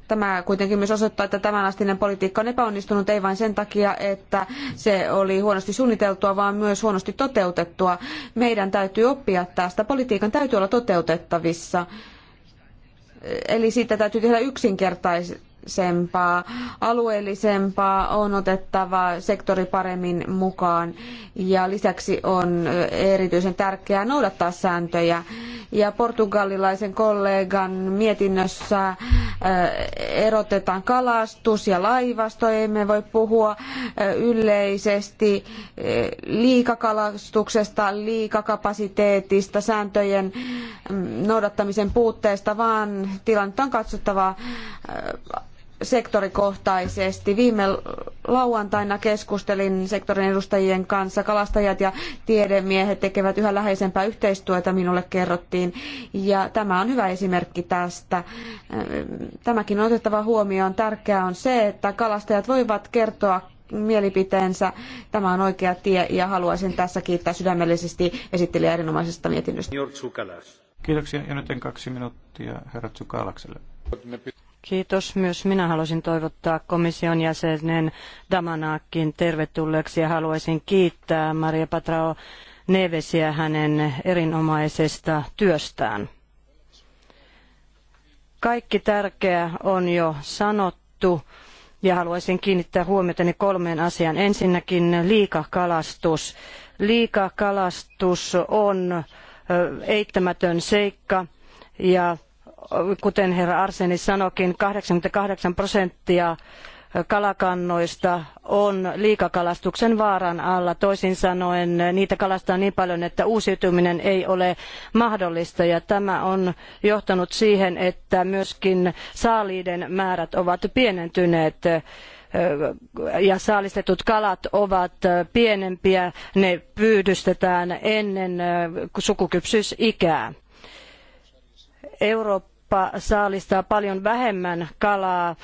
Tämä kuitenkin myös osoittaa, että tämänastinen politiikka on epäonnistunut ei vain sen takia, että se oli huonosti suunniteltua, vaan myös huonosti toteutettua. Meidän täytyy oppia tästä. Politiikan täytyy olla toteutettavissa. Eli siitä täytyy tehdä yksinkertais, alueellisempaa. Alueellisempaa on otettava sektori paremmin mukaan ja lisäksi on erityisen tärkeää noudattaa sääntöjä. Ja portugalilaisen kollegan mietinnössä erotetaan kalastus ja laivasto. Emme voi puhua yleisesti liikakalastuksesta, liikakapasiteetista, sääntöjen mm, noudattamisen puutteesta, vaan tilannetta on katsottava sektorikohtaisesti. Viime lauantaina keskustelin sektorin edustajien kanssa. Kalastajat ja tiedemiehet tekevät yhä läheisempää yhteistyötä, minulle kerrottiin. Ja tämä on hyvä esimerkki tästä. Tämäkin on otettava huomioon. Tärkeää on se, että kalastajat voivat kertoa mielipiteensä. Tämä on oikea tie ja haluaisin tässä kiittää sydämellisesti esittelijä erinomaisesta mietinnöstä. Kiitoksia. Ja nyt kaksi minuuttia herra Tsukalakselle. Kiitos. Myös minä haluaisin toivottaa komission jäsenen Damanakin tervetulleeksi ja haluaisin kiittää Maria Patrao Nevesiä hänen erinomaisesta työstään. Kaikki tärkeä on jo sanottu ja haluaisin kiinnittää huomiotani kolmeen asiaan. Ensinnäkin liikakalastus. Liikakalastus on eittämätön seikka ja kuten herra Arseni sanokin, 88 prosenttia kalakannoista on liikakalastuksen vaaran alla. Toisin sanoen niitä kalastaa niin paljon, että uusiutuminen ei ole mahdollista ja tämä on johtanut siihen, että myöskin saaliiden määrät ovat pienentyneet ja saalistetut kalat ovat pienempiä, ne pyydystetään ennen sukukypsyysikää Eurooppa saalistaa paljon vähemmän kalaa,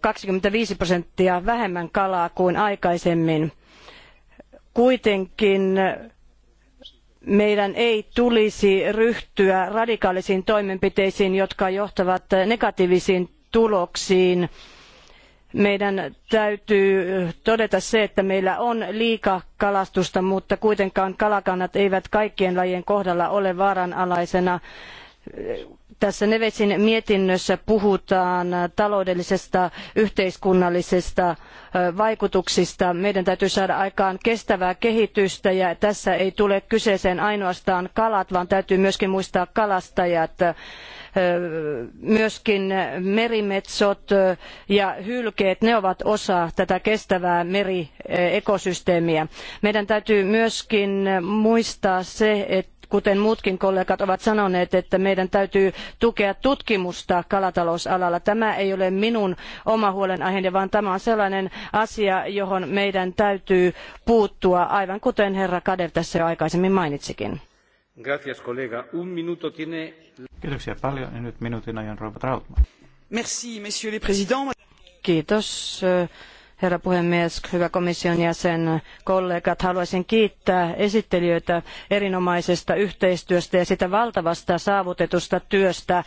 25 prosenttia vähemmän kalaa kuin aikaisemmin. Kuitenkin meidän ei tulisi ryhtyä radikaalisiin toimenpiteisiin, jotka johtavat negatiivisiin tuloksiin. Meidän täytyy todeta se, että meillä on liikakalastusta, mutta kuitenkaan kalakannat eivät kaikkien lajien kohdalla ole vaaranalaisena tässä Nevetsin mietinnössä puhutaan taloudellisesta yhteiskunnallisesta vaikutuksista. Meidän täytyy saada aikaan kestävää kehitystä ja tässä ei tule kyseeseen ainoastaan kalat, vaan täytyy myöskin muistaa kalastajat, myöskin merimetsot ja hylkeet, ne ovat osa tätä kestävää meriekosysteemiä. Meidän täytyy myöskin muistaa se, että kuten muutkin kollegat ovat sanoneet, että meidän täytyy tukea tutkimusta kalatalousalalla. Tämä ei ole minun oma huolenaiheeni, vaan tämä on sellainen asia, johon meidän täytyy puuttua, aivan kuten herra Kader tässä jo aikaisemmin mainitsikin. Kiitoksia paljon. Ja nyt minuutin ajan herra puhemies, hyvä komission jäsen, kollegat. Haluaisin kiittää esittelijöitä erinomaisesta yhteistyöstä ja sitä valtavasta saavutetusta työstä,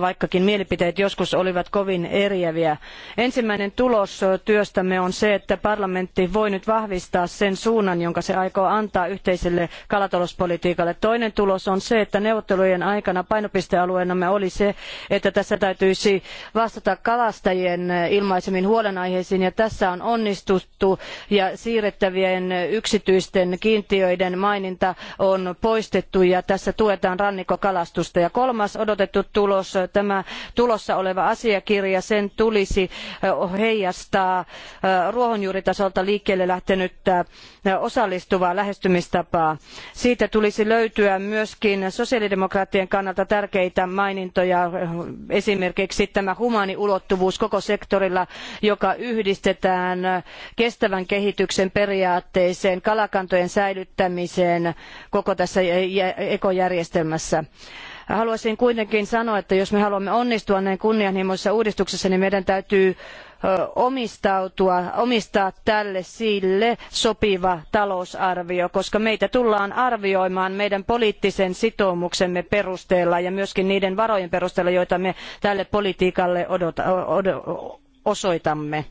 vaikkakin mielipiteet joskus olivat kovin eriäviä. Ensimmäinen tulos työstämme on se, että parlamentti voi nyt vahvistaa sen suunnan, jonka se aikoo antaa yhteiselle kalatalouspolitiikalle. Toinen tulos on se, että neuvottelujen aikana painopistealueenamme oli se, että tässä täytyisi vastata kalastajien ilmaisemiin huolenaiheisiin ja tässä on onnistuttu ja siirrettävien yksityisten kiintiöiden maininta on poistettu ja tässä tuetaan rannikkokalastusta. kolmas odotettu tulos, tämä tulossa oleva asiakirja, sen tulisi heijastaa ruohonjuuritasolta liikkeelle lähtenyttä osallistuvaa lähestymistapaa. Siitä tulisi löytyä myöskin sosiaalidemokraattien kannalta tärkeitä mainintoja, esimerkiksi tämä humaani ulottuvuus koko sektorilla, joka yhdistetään tähän kestävän kehityksen periaatteeseen, kalakantojen säilyttämiseen koko tässä ekojärjestelmässä. Haluaisin kuitenkin sanoa, että jos me haluamme onnistua näin kunnianhimoisessa uudistuksessa, niin meidän täytyy omistautua, omistaa tälle sille sopiva talousarvio, koska meitä tullaan arvioimaan meidän poliittisen sitoumuksemme perusteella ja myöskin niiden varojen perusteella, joita me tälle politiikalle odota, od, osoitamme.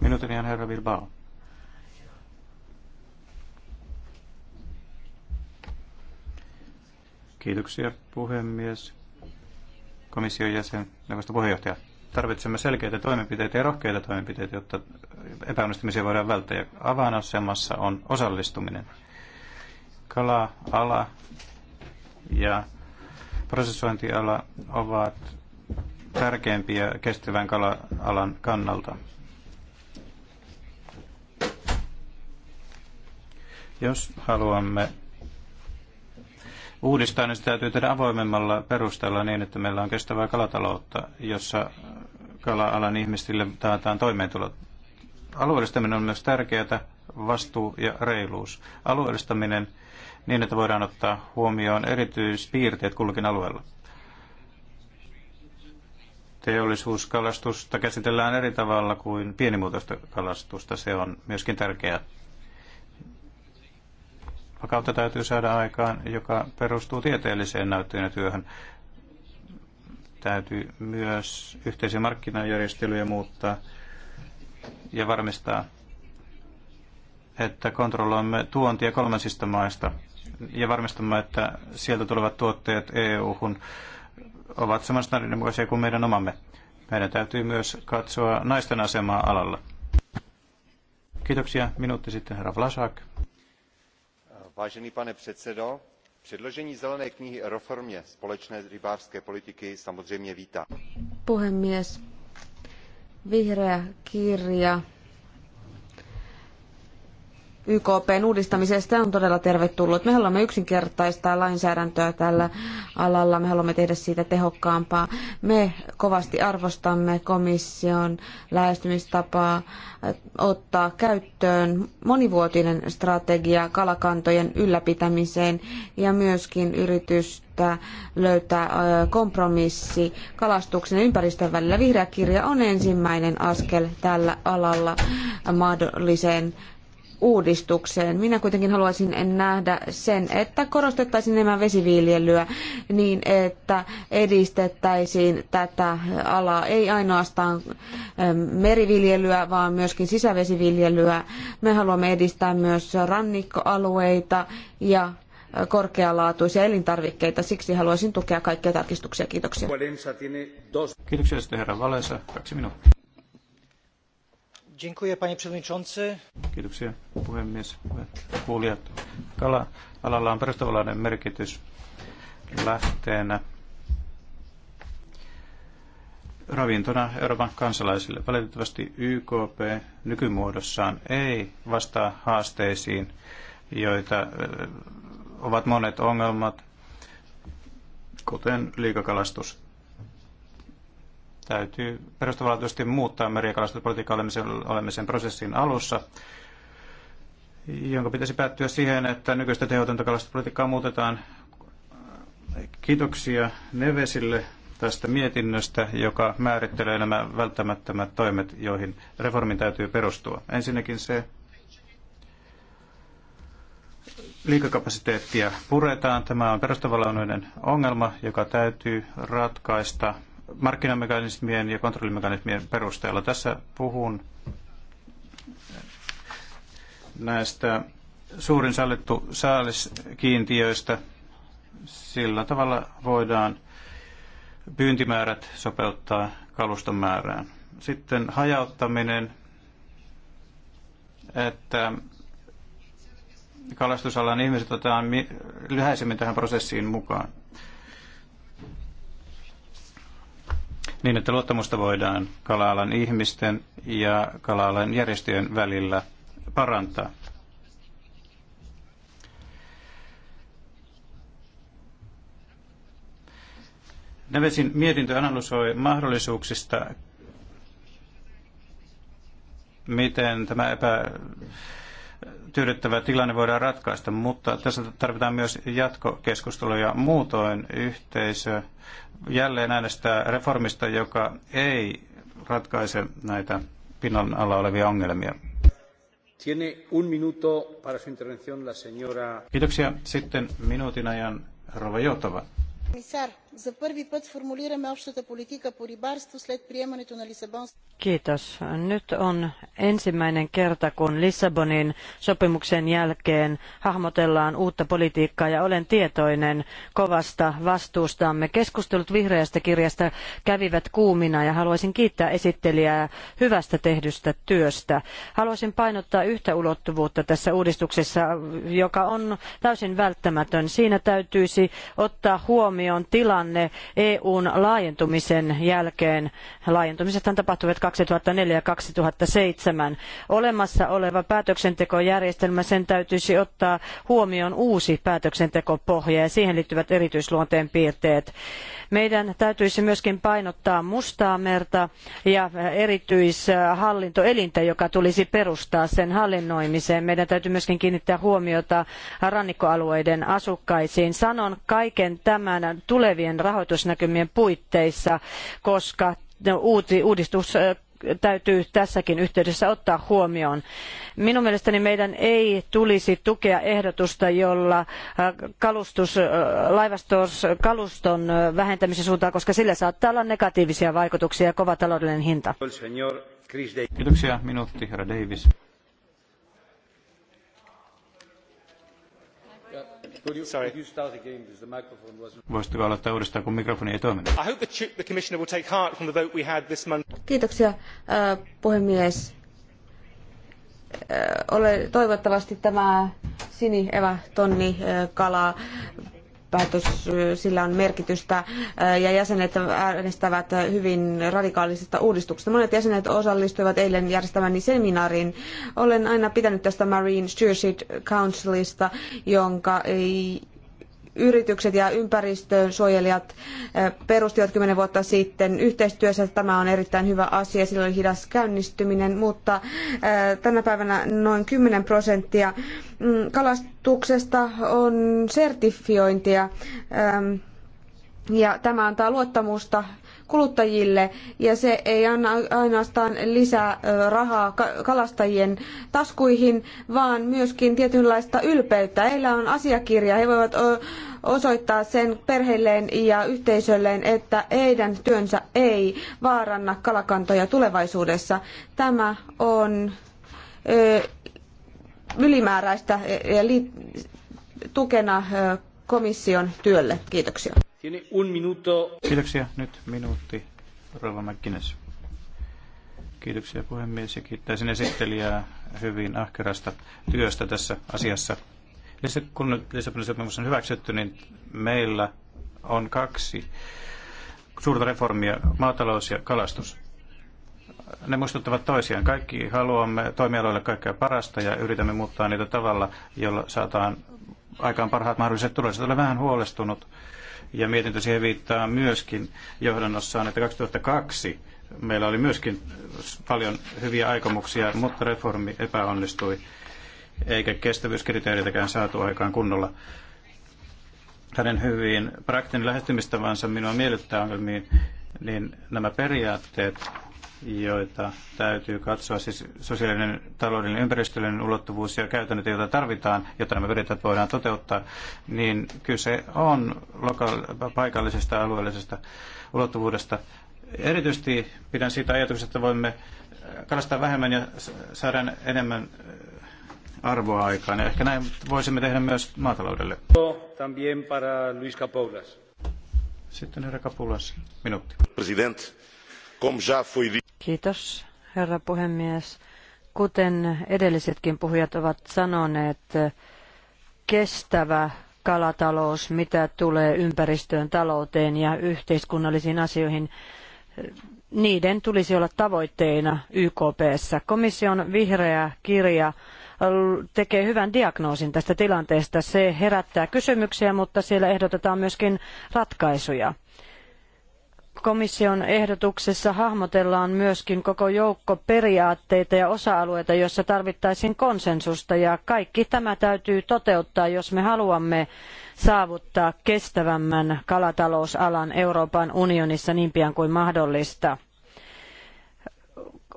Minuutin ihan herra Bilbao. Kiitoksia puhemies, komission jäsen, neuvoston puheenjohtaja. Tarvitsemme selkeitä toimenpiteitä ja rohkeita toimenpiteitä, jotta epäonnistumisia voidaan välttää. Avainasemassa on osallistuminen. Kala, ala ja prosessointiala ovat tärkeimpiä kestävän kala-alan kannalta. Jos haluamme uudistaa, niin se täytyy tehdä avoimemmalla perusteella niin, että meillä on kestävää kalataloutta, jossa kala-alan ihmisille taataan toimeentulot. Alueellistaminen on myös tärkeää, vastuu ja reiluus. Alueellistaminen niin, että voidaan ottaa huomioon erityispiirteet kullakin alueella. Teollisuuskalastusta käsitellään eri tavalla kuin pienimuotoista kalastusta. Se on myöskin tärkeää. Vakautta täytyy saada aikaan, joka perustuu tieteelliseen näyttöön ja työhön. Täytyy myös yhteisiä markkinajärjestelyjä muuttaa ja varmistaa, että kontrolloimme tuontia kolmansista maista ja varmistamme, että sieltä tulevat tuotteet EU-hun ovat saman standardin mukaisia kuin meidän omamme. Meidän täytyy myös katsoa naisten asemaa alalla. Kiitoksia. Minuutti sitten herra Vlasak pane předsedo předložení zelené knihy o reformě společné rybářské politiky samozřejmě vítám. YKPn uudistamisesta on todella tervetullut. Me haluamme yksinkertaistaa lainsäädäntöä tällä alalla, me haluamme tehdä siitä tehokkaampaa. Me kovasti arvostamme komission lähestymistapaa ottaa käyttöön monivuotinen strategia kalakantojen ylläpitämiseen ja myöskin yritystä löytää kompromissi kalastuksen ja ympäristön välillä. Vihreä kirja on ensimmäinen askel tällä alalla mahdolliseen uudistukseen. Minä kuitenkin haluaisin nähdä sen, että korostettaisiin enemmän vesiviljelyä niin, että edistettäisiin tätä alaa, ei ainoastaan ähm, meriviljelyä, vaan myöskin sisävesiviljelyä. Me haluamme edistää myös rannikkoalueita ja korkealaatuisia elintarvikkeita. Siksi haluaisin tukea kaikkia tarkistuksia. Kiitoksia. Kiitoksia, herra Valensa. Kaksi minuuttia. Dziękuję, panie przewodniczący. Kiitoksia, puhemies. Kuulijat, kala-alalla on perustavanlainen merkitys lähteenä ravintona Euroopan kansalaisille. Valitettavasti YKP nykymuodossaan ei vastaa haasteisiin, joita ovat monet ongelmat, kuten liikakalastus täytyy perustavanlaatuisesti muuttaa merikalastuspolitiikan olemisen olemisen prosessin alussa, jonka pitäisi päättyä siihen, että nykyistä tehotonta muutetaan. Kiitoksia Nevesille tästä mietinnöstä, joka määrittelee nämä välttämättömät toimet, joihin reformin täytyy perustua. Ensinnäkin se liikakapasiteettia puretaan. Tämä on perustavanlaatuinen ongelma, joka täytyy ratkaista markkinamekanismien ja kontrollimekanismien perusteella. Tässä puhun näistä suurin sallittu saaliskiintiöistä. Sillä tavalla voidaan pyyntimäärät sopeuttaa kaluston määrään. Sitten hajauttaminen, että kalastusalan ihmiset otetaan lyhäisemmin tähän prosessiin mukaan. niin, että luottamusta voidaan kalaalan ihmisten ja kalaalan järjestöjen välillä parantaa. Nevesin mietintö analysoi mahdollisuuksista, miten tämä epä, tyydyttävä tilanne voidaan ratkaista, mutta tässä tarvitaan myös jatkokeskusteluja. Muutoin yhteisö jälleen äänestää reformista, joka ei ratkaise näitä pinnan alla olevia ongelmia. Kiitoksia. Sitten minuutin ajan Rova за първи път формулираме общата политика по рибарство след приемането на Лисабонския. Kiitos. Nyt on ensimmäinen kerta, kun Lissabonin sopimuksen jälkeen hahmotellaan uutta politiikkaa ja olen tietoinen kovasta vastuustamme. Keskustelut vihreästä kirjasta kävivät kuumina ja haluaisin kiittää esittelijää hyvästä tehdystä työstä. Haluaisin painottaa yhtä ulottuvuutta tässä uudistuksessa, joka on täysin välttämätön. Siinä täytyisi ottaa huomioon tila tilanne EUn laajentumisen jälkeen. Laajentumisethan tapahtuivat 2004 ja 2007. Olemassa oleva päätöksentekojärjestelmä, sen täytyisi ottaa huomioon uusi päätöksentekopohja ja siihen liittyvät erityisluonteen piirteet. Meidän täytyisi myöskin painottaa Mustaa merta ja erityishallintoelintä, joka tulisi perustaa sen hallinnoimiseen. Meidän täytyy myöskin kiinnittää huomiota rannikkoalueiden asukkaisiin. Sanon kaiken tämän tulevien tulevien rahoitusnäkymien puitteissa, koska uudistus täytyy tässäkin yhteydessä ottaa huomioon. Minun mielestäni meidän ei tulisi tukea ehdotusta, jolla kalustus, laivastos, kaluston vähentämisen suuntaan, koska sillä saattaa olla negatiivisia vaikutuksia ja kova taloudellinen hinta. Kiitoksia. Minuutti, herra Davis. Could aloittaa uudestaan, kun mikrofoni ei toiminut? I hope the commissioner will take heart from the vote we had this month. Kiitoksia, äh, puhemies. Äh, ole, toivottavasti tämä sinievä tonni äh, päätös, sillä on merkitystä äh, ja jäsenet äänestävät hyvin radikaalisista uudistuksista. Monet jäsenet osallistuivat eilen järjestämäni seminaariin. Olen aina pitänyt tästä Marine Stewardship Councilista, jonka yritykset ja ympäristönsuojelijat eh, perustivat kymmenen vuotta sitten yhteistyössä. Tämä on erittäin hyvä asia, sillä oli hidas käynnistyminen, mutta eh, tänä päivänä noin kymmenen prosenttia mm, kalastuksesta on sertifiointia eh, ja tämä antaa luottamusta kuluttajille ja se ei anna ainoastaan lisää rahaa kalastajien taskuihin, vaan myöskin tietynlaista ylpeyttä. Heillä on asiakirja, he voivat osoittaa sen perheilleen ja yhteisölleen, että heidän työnsä ei vaaranna kalakantoja tulevaisuudessa. Tämä on ylimääräistä ja tukena komission työlle. Kiitoksia. Kiitoksia. Nyt minuutti. Rova Kiitoksia puhemies ja kiittäisin esittelijää hyvin ahkerasta työstä tässä asiassa. Kun nyt Lissabonin sopimus on hyväksytty, niin meillä on kaksi suurta reformia, maatalous ja kalastus. Ne muistuttavat toisiaan. Kaikki haluamme toimialoille kaikkea parasta ja yritämme muuttaa niitä tavalla, jolla saataan aikaan parhaat mahdolliset tulokset. Olen vähän huolestunut ja mietintö siihen viittaa myöskin johdannossaan, että 2002 meillä oli myöskin paljon hyviä aikomuksia, mutta reformi epäonnistui, eikä kestävyyskriteereitäkään saatu aikaan kunnolla. Hänen hyvin praktinen lähestymistavansa minua miellyttää ongelmiin, niin nämä periaatteet joita täytyy katsoa, siis sosiaalinen, taloudellinen, ympäristöllinen ulottuvuus ja käytännöt, joita tarvitaan, jotta nämä periaatteet voidaan toteuttaa, niin kyse on loka- paikallisesta alueellisesta ulottuvuudesta. Erityisesti pidän siitä ajatuksesta, että voimme kalastaa vähemmän ja saada enemmän äh, arvoa aikaan. Ja ehkä näin voisimme tehdä myös maataloudelle. Sitten herra Kapulas, minuutti. President, como já foi Kiitos, herra puhemies. Kuten edellisetkin puhujat ovat sanoneet, kestävä kalatalous, mitä tulee ympäristöön, talouteen ja yhteiskunnallisiin asioihin, niiden tulisi olla tavoitteina YKPssä. Komission vihreä kirja tekee hyvän diagnoosin tästä tilanteesta. Se herättää kysymyksiä, mutta siellä ehdotetaan myöskin ratkaisuja komission ehdotuksessa hahmotellaan myöskin koko joukko periaatteita ja osa-alueita, joissa tarvittaisiin konsensusta ja kaikki tämä täytyy toteuttaa, jos me haluamme saavuttaa kestävämmän kalatalousalan Euroopan unionissa niin pian kuin mahdollista.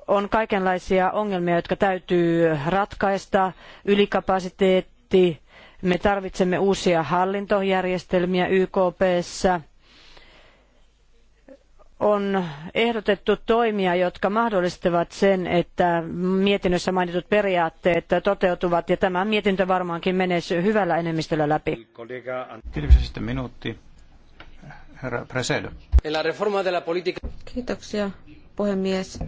On kaikenlaisia ongelmia, jotka täytyy ratkaista, ylikapasiteetti, me tarvitsemme uusia hallintojärjestelmiä YKPssä – on ehdotettu toimia, jotka mahdollistavat sen, että mietinnössä mainitut periaatteet toteutuvat, ja tämä mietintö varmaankin menee hyvällä enemmistöllä läpi. Kiitoksia minuutti. Herra Kiitoksia, puhemies.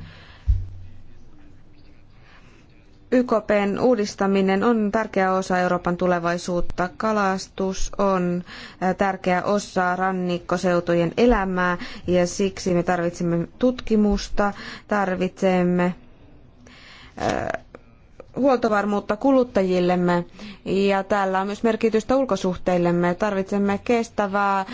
YKPn uudistaminen on tärkeä osa Euroopan tulevaisuutta. Kalastus on tärkeä osa rannikkoseutujen elämää ja siksi me tarvitsemme tutkimusta, tarvitsemme huoltovarmuutta kuluttajillemme ja tällä on myös merkitystä ulkosuhteillemme. Tarvitsemme kestävää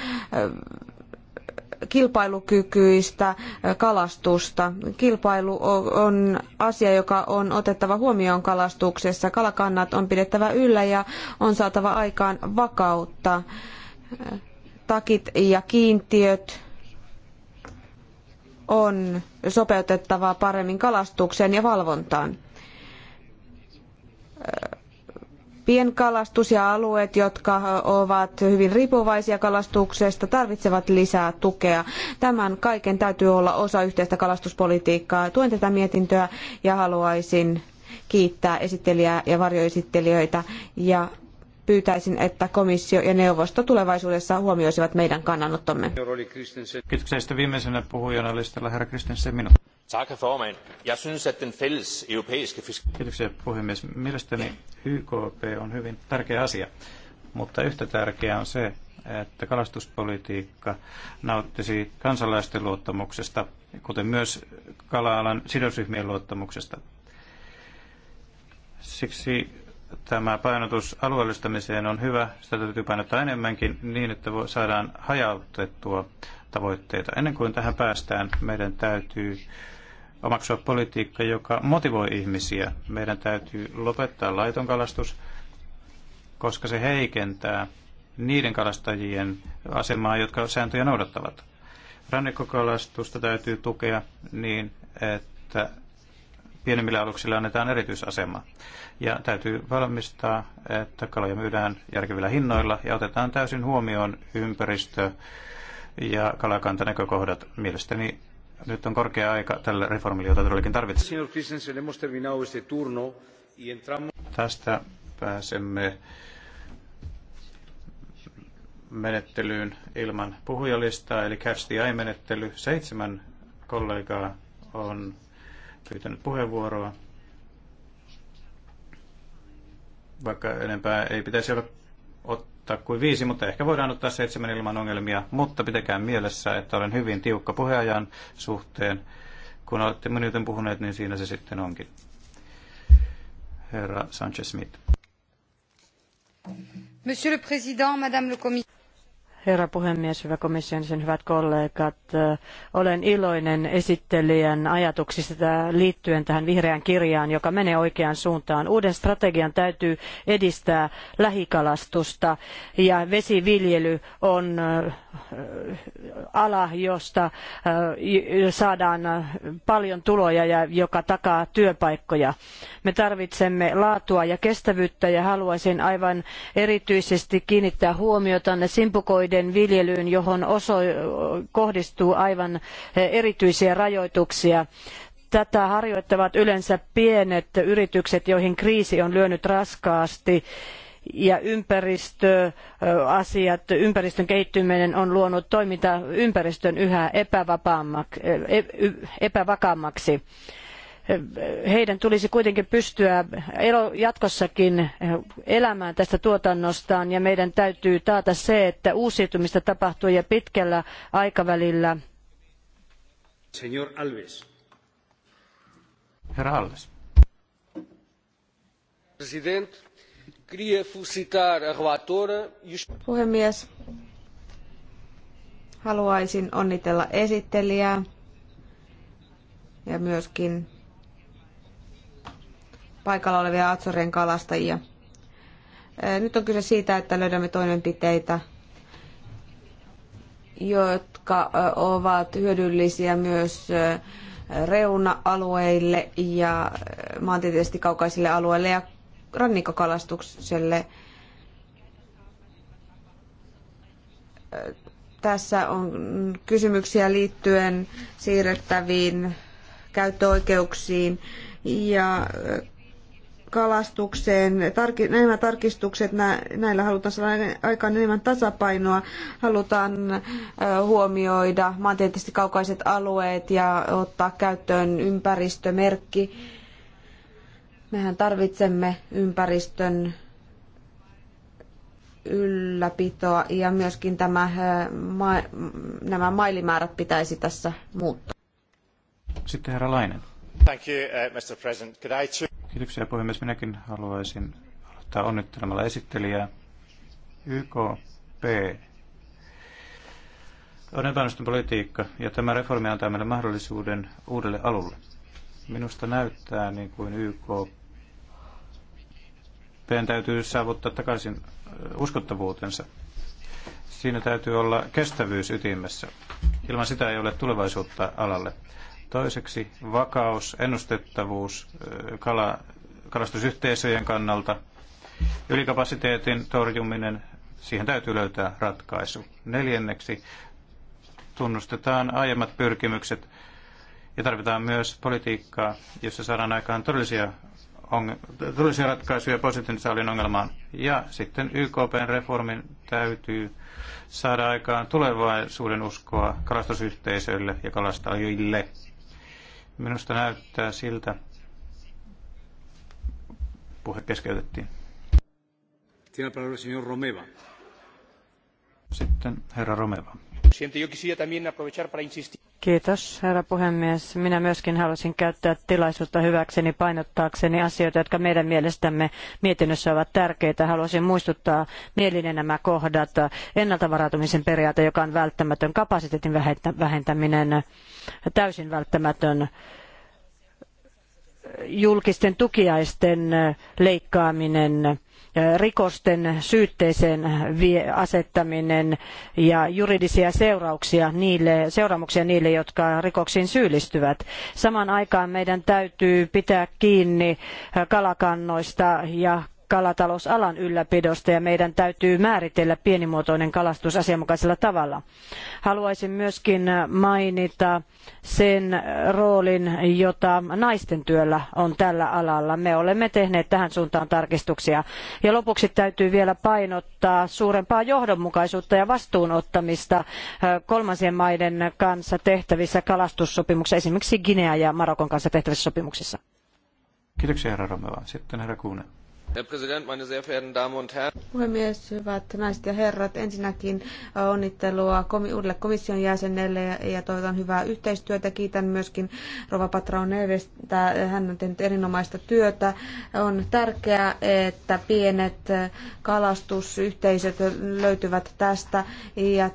kilpailukykyistä kalastusta. Kilpailu on asia, joka on otettava huomioon kalastuksessa. Kalakannat on pidettävä yllä ja on saatava aikaan vakautta. Takit ja kiintiöt on sopeutettava paremmin kalastukseen ja valvontaan pienkalastus ja alueet, jotka ovat hyvin riippuvaisia kalastuksesta, tarvitsevat lisää tukea. Tämän kaiken täytyy olla osa yhteistä kalastuspolitiikkaa. Tuen tätä mietintöä ja haluaisin kiittää esittelijää ja varjoesittelijöitä ja pyytäisin, että komissio ja neuvosto tulevaisuudessa huomioisivat meidän kannanottomme. Kiitoksia. Sitten viimeisenä puhujana listalla herra Kristensen minun. formand. Kiitoksia puhemies. Mielestäni YKP on hyvin tärkeä asia, mutta yhtä tärkeää on se, että kalastuspolitiikka nauttisi kansalaisten luottamuksesta, kuten myös kala-alan sidosryhmien luottamuksesta. Siksi tämä painotus alueellistamiseen on hyvä. Sitä täytyy painottaa enemmänkin niin, että saadaan hajautettua tavoitteita. Ennen kuin tähän päästään, meidän täytyy omaksua politiikka, joka motivoi ihmisiä. Meidän täytyy lopettaa laiton kalastus, koska se heikentää niiden kalastajien asemaa, jotka sääntöjä noudattavat. Rannikkokalastusta täytyy tukea niin, että pienemmille aluksille annetaan erityisasema. Ja täytyy valmistaa, että kaloja myydään järkevillä hinnoilla ja otetaan täysin huomioon ympäristö ja kalakantanäkökohdat. Mielestäni nyt on korkea aika tälle reformille, jota todellakin tarvitaan. Tästä pääsemme menettelyyn ilman puhujalistaa, eli catch the menettely Seitsemän kollegaa on pyytänyt puheenvuoroa. Vaikka enempää ei pitäisi olla ottaa kuin viisi, mutta ehkä voidaan ottaa seitsemän ilman ongelmia. Mutta pitäkää mielessä, että olen hyvin tiukka puheajan suhteen. Kun olette minuutin puhuneet, niin siinä se sitten onkin. Herra Sanchez-Smith. Monsieur le Président, Madame le Commissaire. Herra puhemies, hyvä komission sen hyvät kollegat. Olen iloinen esittelijän ajatuksista liittyen tähän vihreään kirjaan, joka menee oikeaan suuntaan. Uuden strategian täytyy edistää lähikalastusta ja vesiviljely on äh, ala, josta äh, saadaan paljon tuloja ja joka takaa työpaikkoja. Me tarvitsemme laatua ja kestävyyttä ja haluaisin aivan erityisesti kiinnittää ne simpukoiden alueiden viljelyyn, johon kohdistuu aivan eh, erityisiä rajoituksia. Tätä harjoittavat yleensä pienet yritykset, joihin kriisi on lyönyt raskaasti ja ympäristöasiat, eh, ympäristön kehittyminen on luonut toimintaympäristön yhä eh, e-, epävakaammaksi heidän tulisi kuitenkin pystyä jatkossakin elämään tästä tuotannostaan ja meidän täytyy taata se, että uusiutumista tapahtuu ja pitkällä aikavälillä. Señor Alves. Herra Alves. President, e Puhemies, haluaisin onnitella esittelijää ja myöskin paikalla olevia Atsoren kalastajia. Nyt on kyse siitä, että löydämme toimenpiteitä, jotka ovat hyödyllisiä myös reuna-alueille ja maantieteellisesti kaukaisille alueille ja rannikkokalastukselle. Tässä on kysymyksiä liittyen siirrettäviin käyttöoikeuksiin ja kalastukseen. Tarki, nämä tarkistukset, näillä halutaan saada aikaan enemmän tasapainoa. Halutaan huomioida maantieteellisesti kaukaiset alueet ja ottaa käyttöön ympäristömerkki. Mehän tarvitsemme ympäristön ylläpitoa ja myöskin tämä, nämä mailimäärät pitäisi tässä muuttaa. Sitten herra Lainen. Thank you, uh, Mr. President. Could I... Kiitoksia puhemies. Minäkin haluaisin aloittaa onnittelemalla esittelijää. YKP on epäonnistunut politiikka ja tämä reformi antaa meille mahdollisuuden uudelle alulle. Minusta näyttää niin kuin YK meidän täytyy saavuttaa takaisin uskottavuutensa. Siinä täytyy olla kestävyys ytimessä. Ilman sitä ei ole tulevaisuutta alalle. Toiseksi vakaus, ennustettavuus kala, kalastusyhteisöjen kannalta, ylikapasiteetin torjuminen, siihen täytyy löytää ratkaisu. Neljänneksi tunnustetaan aiemmat pyrkimykset ja tarvitaan myös politiikkaa, jossa saadaan aikaan todellisia, onge- todellisia ratkaisuja positiivisen ongelmaan. Ja sitten YKPn reformin täytyy saada aikaan tulevaisuuden uskoa kalastusyhteisöille ja kalastajille. Minusta näyttää siltä, puhe keskeytettiin. Sitten herra Romeva arvoisa puhemies. Minä myöskin halusin käyttää tilaisuutta hyväkseni painottaakseni asioita, jotka meidän mielestämme mietinnössä ovat tärkeitä. Haluaisin muistuttaa mielinen nämä kohdat, ennalta varautumisen periaate, joka on välttämätön, kapasiteetin vähentäminen, täysin välttämätön, julkisten tukiaisten leikkaaminen, rikosten syytteeseen asettaminen ja juridisia seurauksia niille, seuraamuksia niille, jotka rikoksiin syyllistyvät. Samaan aikaan meidän täytyy pitää kiinni kalakannoista ja kalatalousalan ylläpidosta ja meidän täytyy määritellä pienimuotoinen kalastus asianmukaisella tavalla. Haluaisin myöskin mainita sen roolin, jota naisten työllä on tällä alalla. Me olemme tehneet tähän suuntaan tarkistuksia. Ja lopuksi täytyy vielä painottaa suurempaa johdonmukaisuutta ja vastuunottamista äh, kolmansien maiden kanssa tehtävissä kalastussopimuksissa, esimerkiksi Guinea ja Marokon kanssa tehtävissä sopimuksissa. Kiitoksia herra Romeva. Sitten herra Kuune. Puhemies, hyvät naiset ja herrat, ensinnäkin onnittelua uudelle komission jäsenelle ja toivotan hyvää yhteistyötä. Kiitän myöskin rouva Patraon nevestä Hän on tehnyt erinomaista työtä. On tärkeää, että pienet kalastusyhteisöt löytyvät tästä ja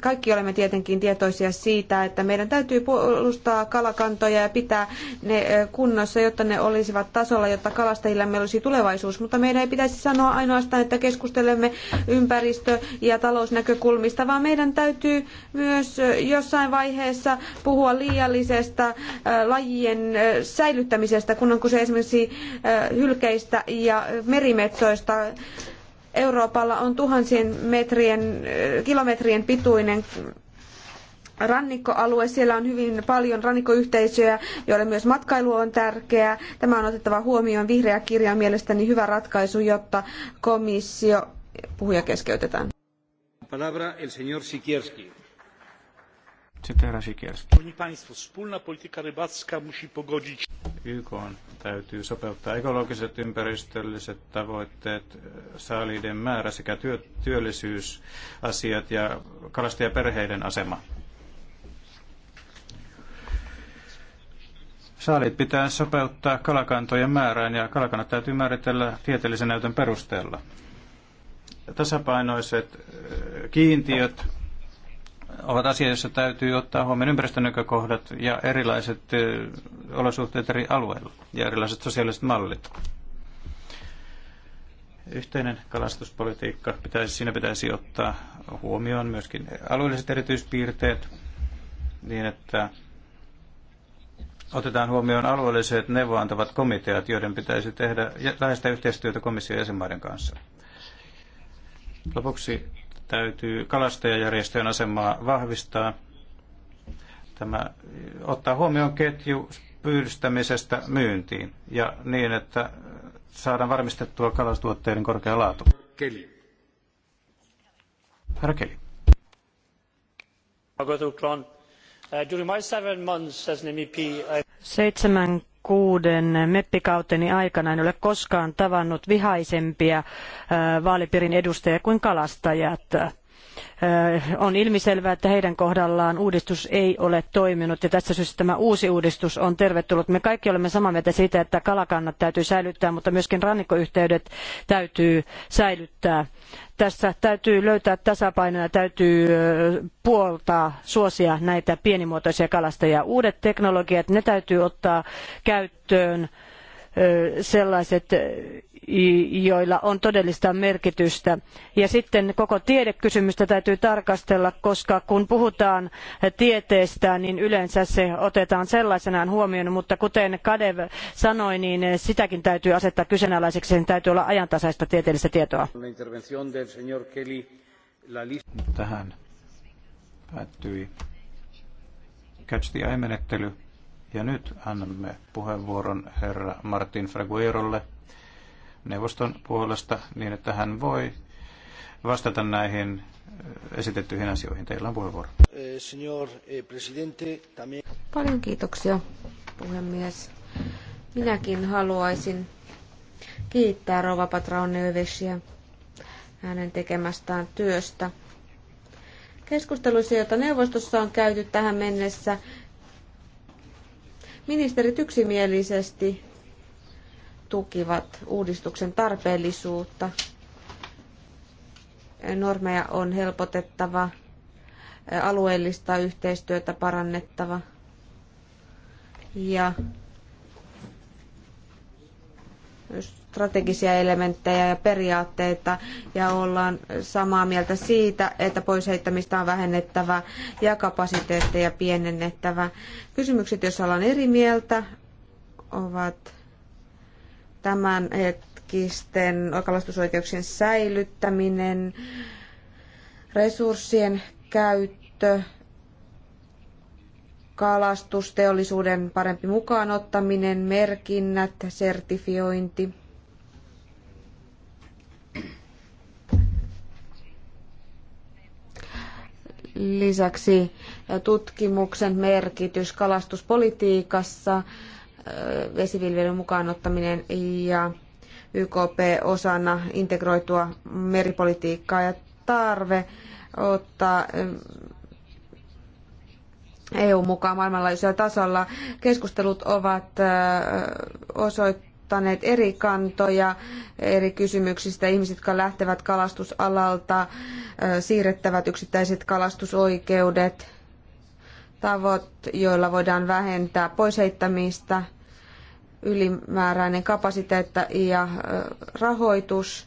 kaikki olemme tietenkin tietoisia siitä, että meidän täytyy puolustaa kalakantoja ja pitää ne kunnossa, jotta ne olisivat tasolla, jotta kalastajillamme olisi tulevaisuus. Mutta meidän ei pitäisi sanoa ainoastaan, että keskustelemme ympäristö- ja talousnäkökulmista, vaan meidän täytyy myös jossain vaiheessa puhua liiallisesta lajien säilyttämisestä, kun on kyse esimerkiksi hylkeistä ja merimetsoista. Euroopalla on tuhansien metrien, kilometrien pituinen rannikkoalue. Siellä on hyvin paljon rannikkoyhteisöjä, joille myös matkailu on tärkeää. Tämä on otettava huomioon. Vihreä kirja on mielestäni hyvä ratkaisu, jotta komissio... Puhuja keskeytetään. Palabra el señor Sikierski polityka rybacka musi pogodzić YKn täytyy sopeuttaa ekologiset, ympäristölliset tavoitteet, e, saaliiden määrä sekä työ, työllisyysasiat ja kalastajaperheiden asema. Saalit pitää sopeuttaa kalakantojen määrään ja kalakannat täytyy määritellä tieteellisen näytön perusteella. Tasapainoiset e, kiintiöt ovat asia, jossa täytyy ottaa huomioon ympäristönäkökohdat ja erilaiset olosuhteet eri alueilla ja erilaiset sosiaaliset mallit. Yhteinen kalastuspolitiikka, pitäisi, siinä pitäisi ottaa huomioon myöskin alueelliset erityispiirteet niin, että otetaan huomioon alueelliset neuvoantavat komiteat, joiden pitäisi tehdä läheistä yhteistyötä komission jäsenmaiden kanssa. Lopuksi täytyy kalastajajärjestöjen asemaa vahvistaa. Tämä ottaa huomioon ketju pyydystämisestä myyntiin ja niin, että saadaan varmistettua kalastuotteiden korkea laatu. Keli. Herra Keli. Uh, during my seven months as an MEP, I Seitsemän kuuden meppikauteni aikana en ole koskaan tavannut vihaisempia vaalipiirin edustajia kuin kalastajat on ilmiselvää, että heidän kohdallaan uudistus ei ole toiminut ja tästä syystä tämä uusi uudistus on tervetullut. Me kaikki olemme samaa mieltä siitä, että kalakannat täytyy säilyttää, mutta myöskin rannikkoyhteydet täytyy säilyttää. Tässä täytyy löytää tasapaino ja täytyy puoltaa, suosia näitä pienimuotoisia kalastajia. Uudet teknologiat, ne täytyy ottaa käyttöön sellaiset joilla on todellista merkitystä. Ja sitten koko tiedekysymystä täytyy tarkastella, koska kun puhutaan tieteestä, niin yleensä se otetaan sellaisenaan huomioon, mutta kuten Kadev sanoi, niin sitäkin täytyy asettaa kyseenalaiseksi, sen täytyy olla ajantasaista tieteellistä tietoa. Tähän päättyi Catch the Eye-menettely. Ja nyt annamme puheenvuoron herra Martin Fraguerolle, neuvoston puolesta niin, että hän voi vastata näihin äh, esitettyihin asioihin. Teillä on puheenvuoro. Eh, eh, Paljon kiitoksia, puhemies. Minäkin haluaisin kiittää Rova Patraunevesiä hänen tekemästään työstä. Keskusteluissa, joita neuvostossa on käyty tähän mennessä, ministerit yksimielisesti tukivat uudistuksen tarpeellisuutta. Normeja on helpotettava, alueellista yhteistyötä parannettava ja strategisia elementtejä ja periaatteita ja ollaan samaa mieltä siitä, että poisheittämistä on vähennettävä ja kapasiteetteja pienennettävä. Kysymykset, joissa ollaan eri mieltä, ovat tämän hetkisten kalastusoikeuksien säilyttäminen, resurssien käyttö, kalastusteollisuuden parempi mukaanottaminen, merkinnät, sertifiointi. Lisäksi tutkimuksen merkitys kalastuspolitiikassa, Äh, vesiviljelyn mukaan ottaminen ja YKP osana integroitua meripolitiikkaa ja tarve ottaa äh, EU mukaan maailmanlaajuisella tasolla. Keskustelut ovat äh, osoittaneet eri kantoja eri kysymyksistä. Ihmiset, jotka lähtevät kalastusalalta, siirrettävät yksittäiset kalastusoikeudet tavat, joilla voidaan vähentää poisheittämistä, ylimääräinen kapasiteetti ja rahoitus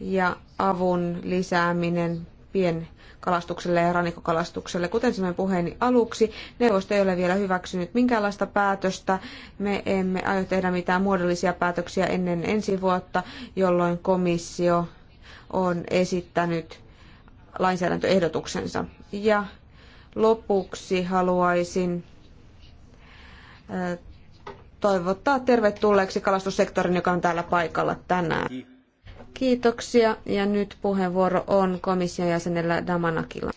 ja avun lisääminen pienkalastukselle ja rannikkokalastukselle. Kuten sanoin puheeni aluksi, neuvosto ei ole vielä hyväksynyt minkäänlaista päätöstä. Me emme aio tehdä mitään muodollisia päätöksiä ennen ensi vuotta, jolloin komissio on esittänyt lainsäädäntöehdotuksensa. Ja lopuksi haluaisin äh, toivottaa tervetulleeksi kalastussektorin, joka on täällä paikalla tänään. Kiitoksia ja nyt puheenvuoro on komission jäsenellä Damanakilla.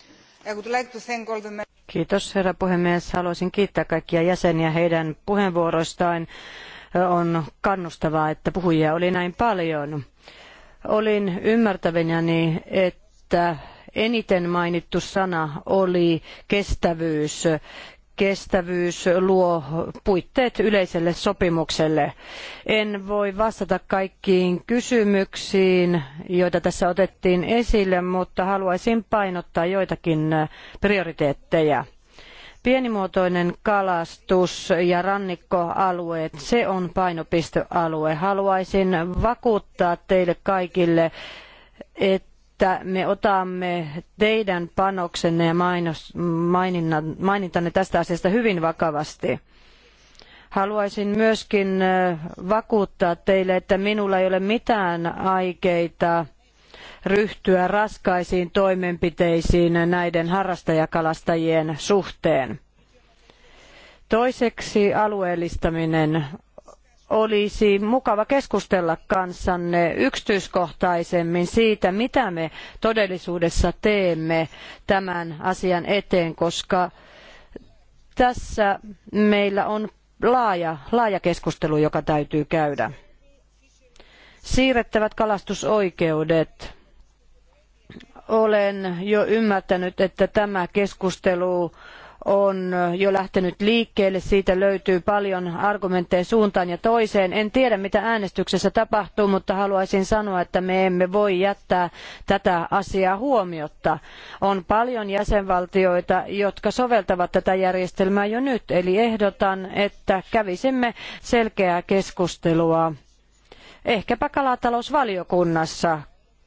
Kiitos herra puhemies. Haluaisin kiittää kaikkia jäseniä heidän puheenvuoroistaan. On kannustavaa, että puhujia oli näin paljon. Olin ymmärtävinäni, että eniten mainittu sana oli kestävyys. Kestävyys luo puitteet yleiselle sopimukselle. En voi vastata kaikkiin kysymyksiin, joita tässä otettiin esille, mutta haluaisin painottaa joitakin äh, prioriteetteja pienimuotoinen kalastus ja rannikkoalueet, se on painopistealue. Haluaisin vakuuttaa teille kaikille, että että me otamme teidän panoksenne ja mainos, mainintanne tästä asiasta hyvin vakavasti. Haluaisin myöskin vakuuttaa teille, että minulla ei ole mitään aikeita ryhtyä raskaisiin toimenpiteisiin näiden harrastajakalastajien suhteen. Toiseksi alueellistaminen olisi mukava keskustella kanssanne yksityiskohtaisemmin siitä, mitä me todellisuudessa teemme tämän asian eteen, koska tässä meillä on laaja, laaja keskustelu, joka täytyy käydä. Siirrettävät kalastusoikeudet. Olen jo ymmärtänyt, että tämä keskustelu on jo lähtenyt liikkeelle. Siitä löytyy paljon argumentteja suuntaan ja toiseen. En tiedä, mitä äänestyksessä tapahtuu, mutta haluaisin sanoa, että me emme voi jättää tätä asiaa huomiotta. On paljon jäsenvaltioita, jotka soveltavat tätä järjestelmää jo nyt, eli ehdotan, että kävisimme selkeää keskustelua ehkäpä kalatalousvaliokunnassa,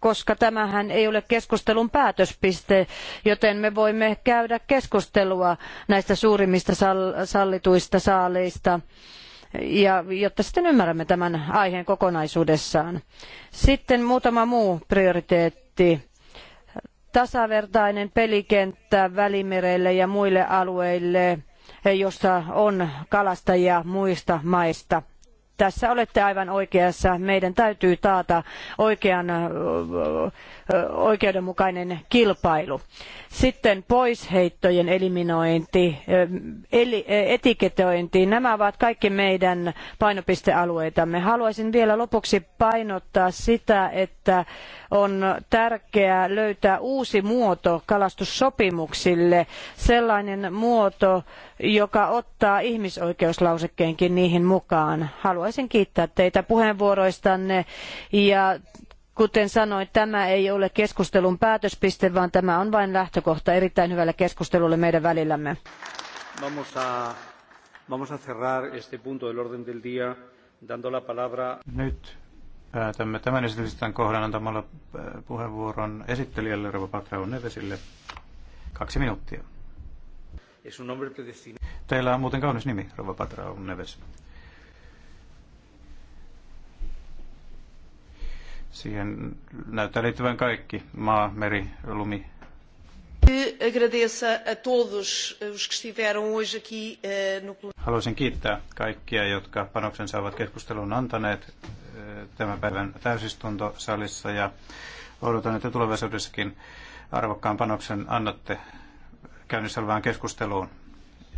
koska tämähän ei ole keskustelun päätöspiste, joten me voimme käydä keskustelua näistä suurimmista sallituista saaleista ja jotta sitten ymmärrämme tämän aiheen kokonaisuudessaan. Sitten muutama muu prioriteetti. Tasavertainen pelikenttä Välimerelle ja muille alueille, jossa on kalastajia muista maista tässä olette aivan oikeassa. Meidän täytyy taata oikean, oikeudenmukainen kilpailu. Sitten poisheittojen eliminointi, etiketointi, nämä ovat kaikki meidän painopistealueitamme. Haluaisin vielä lopuksi painottaa sitä, että on tärkeää löytää uusi muoto kalastussopimuksille, sellainen muoto, joka ottaa ihmisoikeuslausekkeenkin niihin mukaan. Haluaisin kiittää teitä puheenvuoroistanne ja kuten sanoin, tämä ei ole keskustelun päätöspiste, vaan tämä on vain lähtökohta erittäin hyvälle keskustelulle meidän välillämme. Nyt päätämme tämän esityksen kohdan antamalla äh, puheenvuoron esittelijälle Rova Patraun Nevesille. Kaksi minuuttia. Teillä on muuten kaunis nimi, Rova Patraun Neves. Siihen näyttää liittyvän kaikki, maa, meri, lumi. Eh, no Haluaisin kiittää kaikkia, jotka panoksensa ovat keskusteluun antaneet tämän päivän täysistuntosalissa ja odotan, että tulevaisuudessakin arvokkaan panoksen annatte käynnissä olevaan keskusteluun.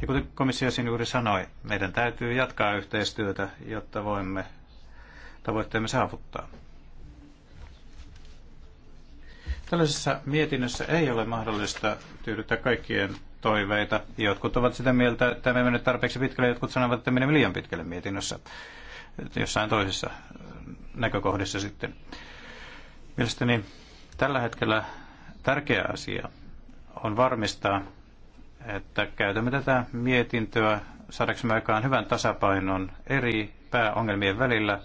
Ja kuten komissio juuri sanoi, meidän täytyy jatkaa yhteistyötä, jotta voimme tavoitteemme saavuttaa. Tällaisessa mietinnössä ei ole mahdollista tyydyttää kaikkien toiveita. Jotkut ovat sitä mieltä, että me menemme tarpeeksi pitkälle, jotkut sanovat, että menemme liian pitkälle mietinnössä jossain toisessa äh, näkökohdissa sitten. Mielestäni tällä hetkellä tärkeä asia on varmistaa, että käytämme tätä mietintöä saadaksemme aikaan hyvän tasapainon eri pääongelmien välillä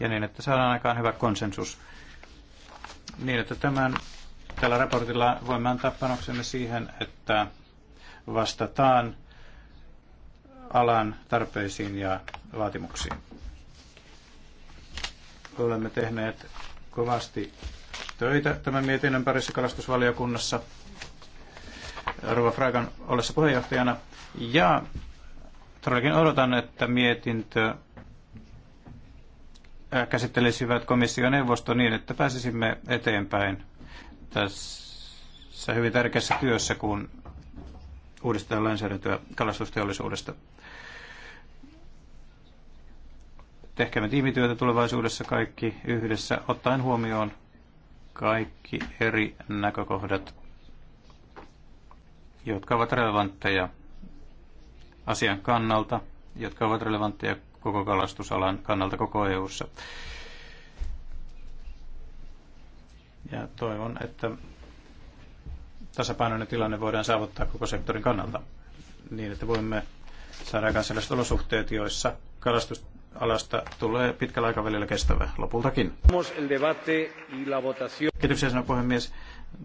ja niin, että saadaan aikaan hyvä konsensus. Niin, että tämän, tällä raportilla voimme antaa panoksemme siihen, että vastataan alan tarpeisiin ja vaatimuksiin. Olemme tehneet kovasti töitä tämän mietinnön parissa kalastusvaliokunnassa Rova Fragan ollessa puheenjohtajana. Ja todellakin odotan, että mietintö käsittelisivät komissioneuvosto niin, että pääsisimme eteenpäin tässä hyvin tärkeässä työssä, kun uudistetaan lainsäädäntöä kalastusteollisuudesta tehkäämme tiimityötä tulevaisuudessa kaikki yhdessä, ottaen huomioon kaikki eri näkökohdat, jotka ovat relevantteja asian kannalta, jotka ovat relevantteja koko kalastusalan kannalta koko EU:ssa. Ja toivon, että tasapainoinen tilanne voidaan saavuttaa koko sektorin kannalta niin, että voimme saada aikaan sellaiset olosuhteet, joissa kalastus alasta tulee pitkällä aikavälillä kestävä lopultakin. Kiitoksia sinä puhemies.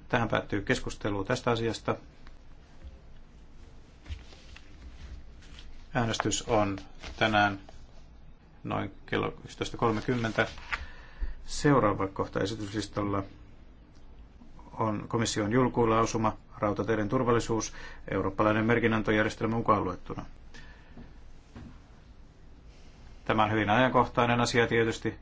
Tähän päättyy keskustelu tästä asiasta. Äänestys on tänään noin kello 11.30. Seuraava kohta esityslistalla on komission julkulausuma Rautateiden turvallisuus, eurooppalainen merkinantojärjestelmä mukaan luettuna. Tämä on hyvin ajankohtainen asia tietysti.